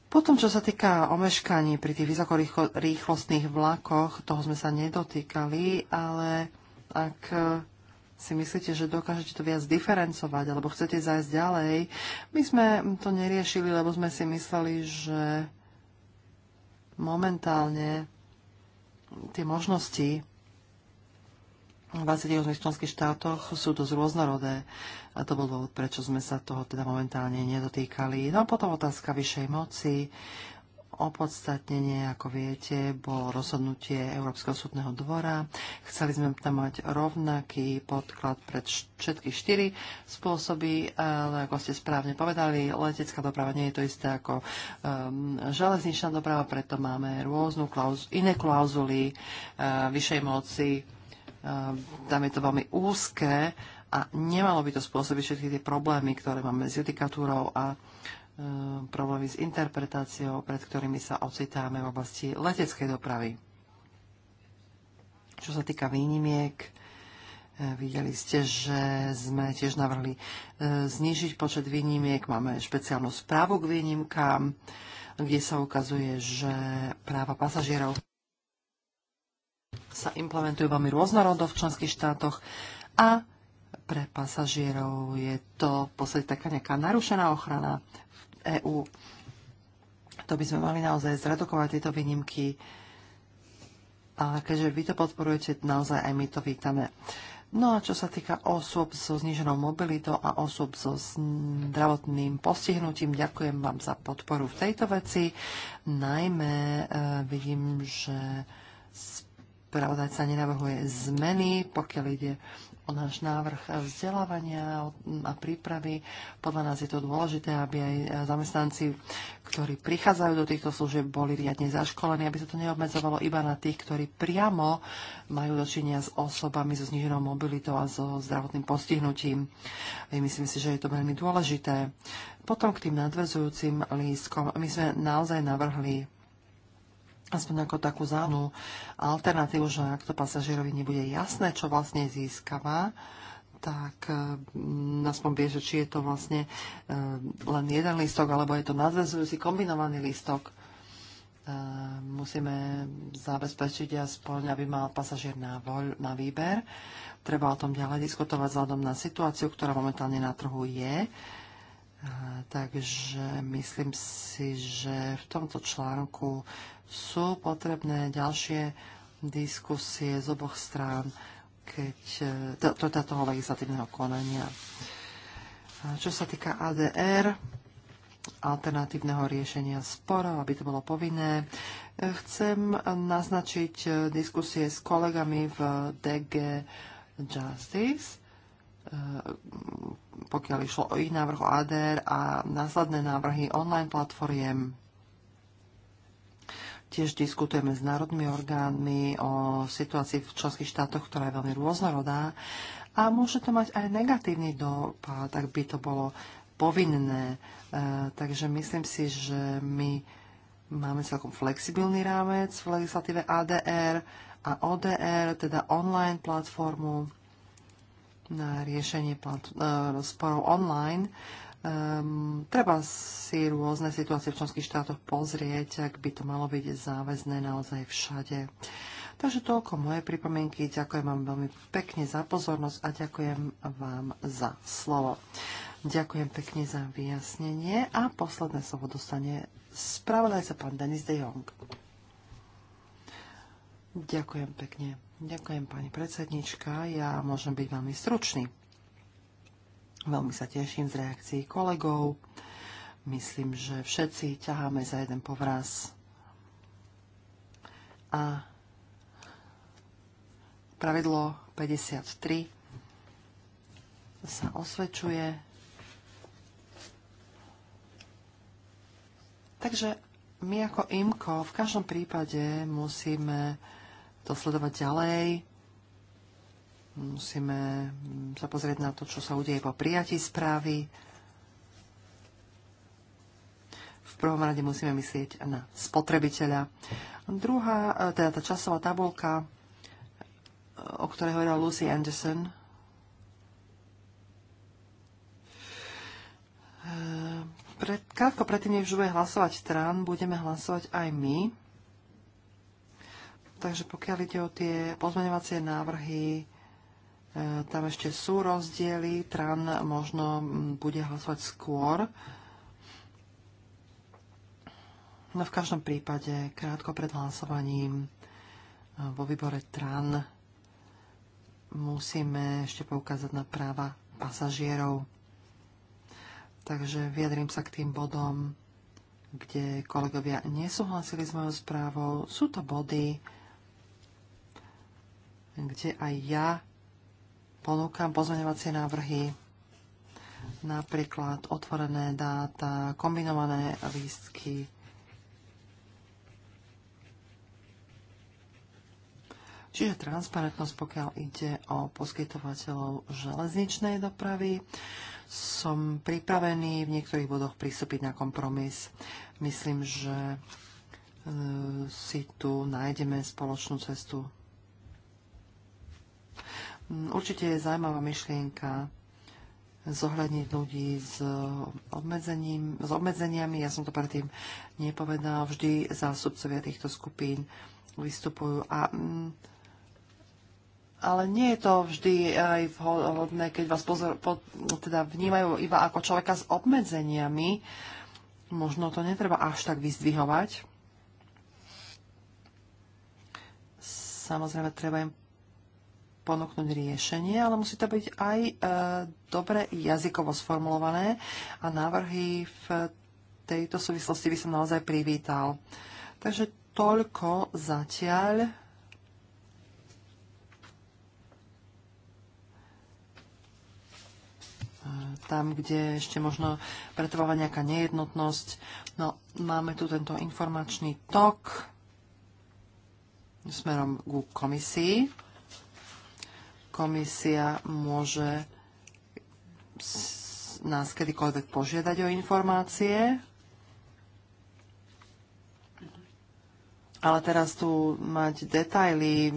Potom, čo sa týka omeškaní pri tých vysokorýchlostných vlakoch, toho sme sa nedotýkali, ale ak si myslíte, že dokážete to viac diferencovať alebo chcete zájsť ďalej, my sme to neriešili, lebo sme si mysleli, že momentálne tie možnosti 28 členských štátoch sú dosť rôznorodé. A to bol dôvod, prečo sme sa toho teda momentálne nedotýkali. No a potom otázka vyššej moci. Opodstatnenie, ako viete, bolo rozhodnutie Európskeho súdneho dvora. Chceli sme tam mať rovnaký podklad pre všetky štyri spôsoby, ale ako ste správne povedali, letecká doprava nie je to isté ako um, železničná doprava, preto máme rôznu klauz- iné klauzuly uh, vyššej moci Ehm, tam je to veľmi úzké a nemalo by to spôsobiť všetky tie problémy, ktoré máme s judikatúrou a ehm, problémy s interpretáciou, pred ktorými sa ocitáme v oblasti leteckej dopravy. Čo sa týka výnimiek, e, videli ste, že sme tiež navrhli e, znižiť počet výnimiek. Máme špeciálnu správu k výnimkám, kde sa ukazuje, že práva pasažierov sa implementujú veľmi rôznorodo v členských štátoch a pre pasažierov je to v podstate taká nejaká narušená ochrana v EÚ. To by sme mali naozaj zredukovať tieto výnimky. A keďže vy to podporujete, naozaj aj my to vítame. No a čo sa týka osôb so zniženou mobilitou a osôb so zdravotným postihnutím, ďakujem vám za podporu v tejto veci. Najmä e, vidím, že Pravodajca nenavrhuje zmeny, pokiaľ ide o náš návrh vzdelávania a prípravy. Podľa nás je to dôležité, aby aj zamestnanci, ktorí prichádzajú do týchto služieb, boli riadne zaškolení, aby sa to neobmedzovalo iba na tých, ktorí priamo majú dočinia s osobami so zniženou mobilitou a so zdravotným postihnutím. Myslím si, že je to veľmi dôležité. Potom k tým nadvezujúcim lístkom. My sme naozaj navrhli aspoň ako takú závnu alternatívu, že ak to pasažierovi nebude jasné, čo vlastne získava, tak e, aspoň vie, že či je to vlastne e, len jeden listok, alebo je to nadvezujúci kombinovaný listok. E, musíme zabezpečiť aspoň, aby mal pasažier na, voľ, na výber. Treba o tom ďalej diskutovať vzhľadom na situáciu, ktorá momentálne na trhu je Takže myslím si, že v tomto článku sú potrebné ďalšie diskusie z oboch strán, keď, e, to, to, toho legislatívneho konania. Čo sa týka ADR, alternatívneho riešenia sporov, aby to bolo povinné. E, chcem naznačiť e, diskusie s kolegami v DG Justice Eh, pokiaľ išlo o ich návrh o ADR a následné návrhy online platformiem. Tiež diskutujeme s národnými orgánmi o situácii v členských štátoch, ktorá je veľmi rôznorodá a môže to mať aj negatívny dopad, ak by to bolo povinné. E, takže myslím si, že my máme celkom flexibilný rámec v legislatíve ADR a ODR, teda online platformu na riešenie e, sporov online. Um, treba si rôzne situácie v členských štátoch pozrieť, ak by to malo byť záväzné naozaj všade. Takže toľko moje pripomienky. Ďakujem vám veľmi pekne za pozornosť a ďakujem vám za slovo. Ďakujem pekne za vyjasnenie a posledné slovo dostane spravodajca pán Denis de Jong. Ďakujem pekne. Ďakujem, pani predsednička. Ja môžem byť veľmi stručný. Veľmi sa teším z reakcií kolegov. Myslím, že všetci ťaháme za jeden povraz. A pravidlo 53 sa osvedčuje. Takže my ako IMKO v každom prípade musíme to sledovať ďalej. Musíme sa pozrieť na to, čo sa udeje po prijatí správy. V prvom rade musíme myslieť na spotrebiteľa. Druhá, teda tá časová tabulka, o ktorej hovorila Lucy Anderson, pred, krátko predtým, než bude hlasovať trán, budeme hlasovať aj my. Takže pokiaľ ide o tie pozmeňovacie návrhy, e, tam ešte sú rozdiely. Tran možno bude hlasovať skôr. No v každom prípade, krátko pred hlasovaním e, vo výbore TRAN musíme ešte poukázať na práva pasažierov. Takže vyjadrím sa k tým bodom, kde kolegovia nesúhlasili s mojou správou. Sú to body, kde aj ja ponúkam pozmeňovacie návrhy, napríklad otvorené dáta, kombinované lístky, Čiže transparentnosť, pokiaľ ide o poskytovateľov železničnej dopravy, som pripravený v niektorých bodoch pristúpiť na kompromis. Myslím, že e, si tu nájdeme spoločnú cestu Určite je zaujímavá myšlienka zohľadniť ľudí s, obmedzením, s obmedzeniami. Ja som to predtým nepovedal. Vždy zástupcovia týchto skupín vystupujú. A, mm, ale nie je to vždy eh, aj vhodné, keď vás pozor, po, teda vnímajú iba ako človeka s obmedzeniami. Možno to netreba až tak vyzdvihovať. Samozrejme, treba im ponúknuť riešenie, ale musí to byť aj e, dobre jazykovo sformulované a návrhy v tejto súvislosti by som naozaj privítal. Takže toľko zatiaľ. E, tam, kde ešte možno pretrváva nejaká nejednotnosť. No, máme tu tento informačný tok smerom ku komisii komisia môže nás kedykoľvek požiadať o informácie. Ale teraz tu mať detaily,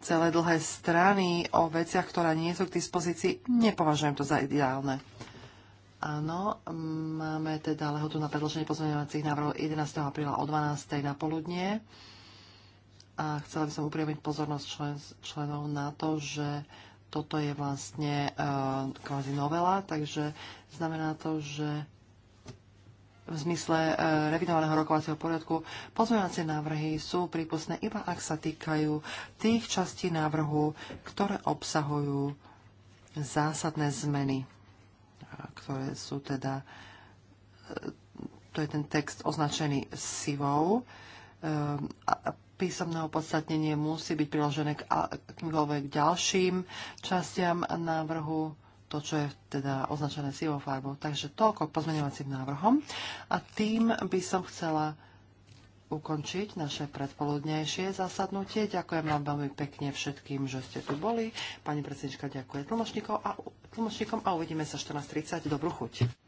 celé dlhé strany o veciach, ktoré nie sú k dispozícii, nepovažujem to za ideálne. Áno, máme teda lehotu na predloženie pozmeňovacích návrhov 11. apríla o 12. na poludnie a chcela by som upriamiť pozornosť člen, členov na to, že toto je vlastne uh, kvázi novela, takže znamená to, že v zmysle uh, revidovaného rokovacieho poriadku pozmeňovacie návrhy sú prípustné iba ak sa týkajú tých častí návrhu, ktoré obsahujú zásadné zmeny, e, ktoré sú teda, to je ten text označený sivou. a, písomné opodstatnenie musí byť priložené k akýmkoľvek ďalším častiam návrhu, to, čo je teda označené sivou farbou. Takže toľko k pozmeňovacím návrhom. A tým by som chcela ukončiť naše predpoludnejšie zasadnutie. Ďakujem vám veľmi pekne všetkým, že ste tu boli. Pani predsednička ďakuje tlmočníkom a, tlmočníkom a uvidíme sa 14.30. Dobrú chuť.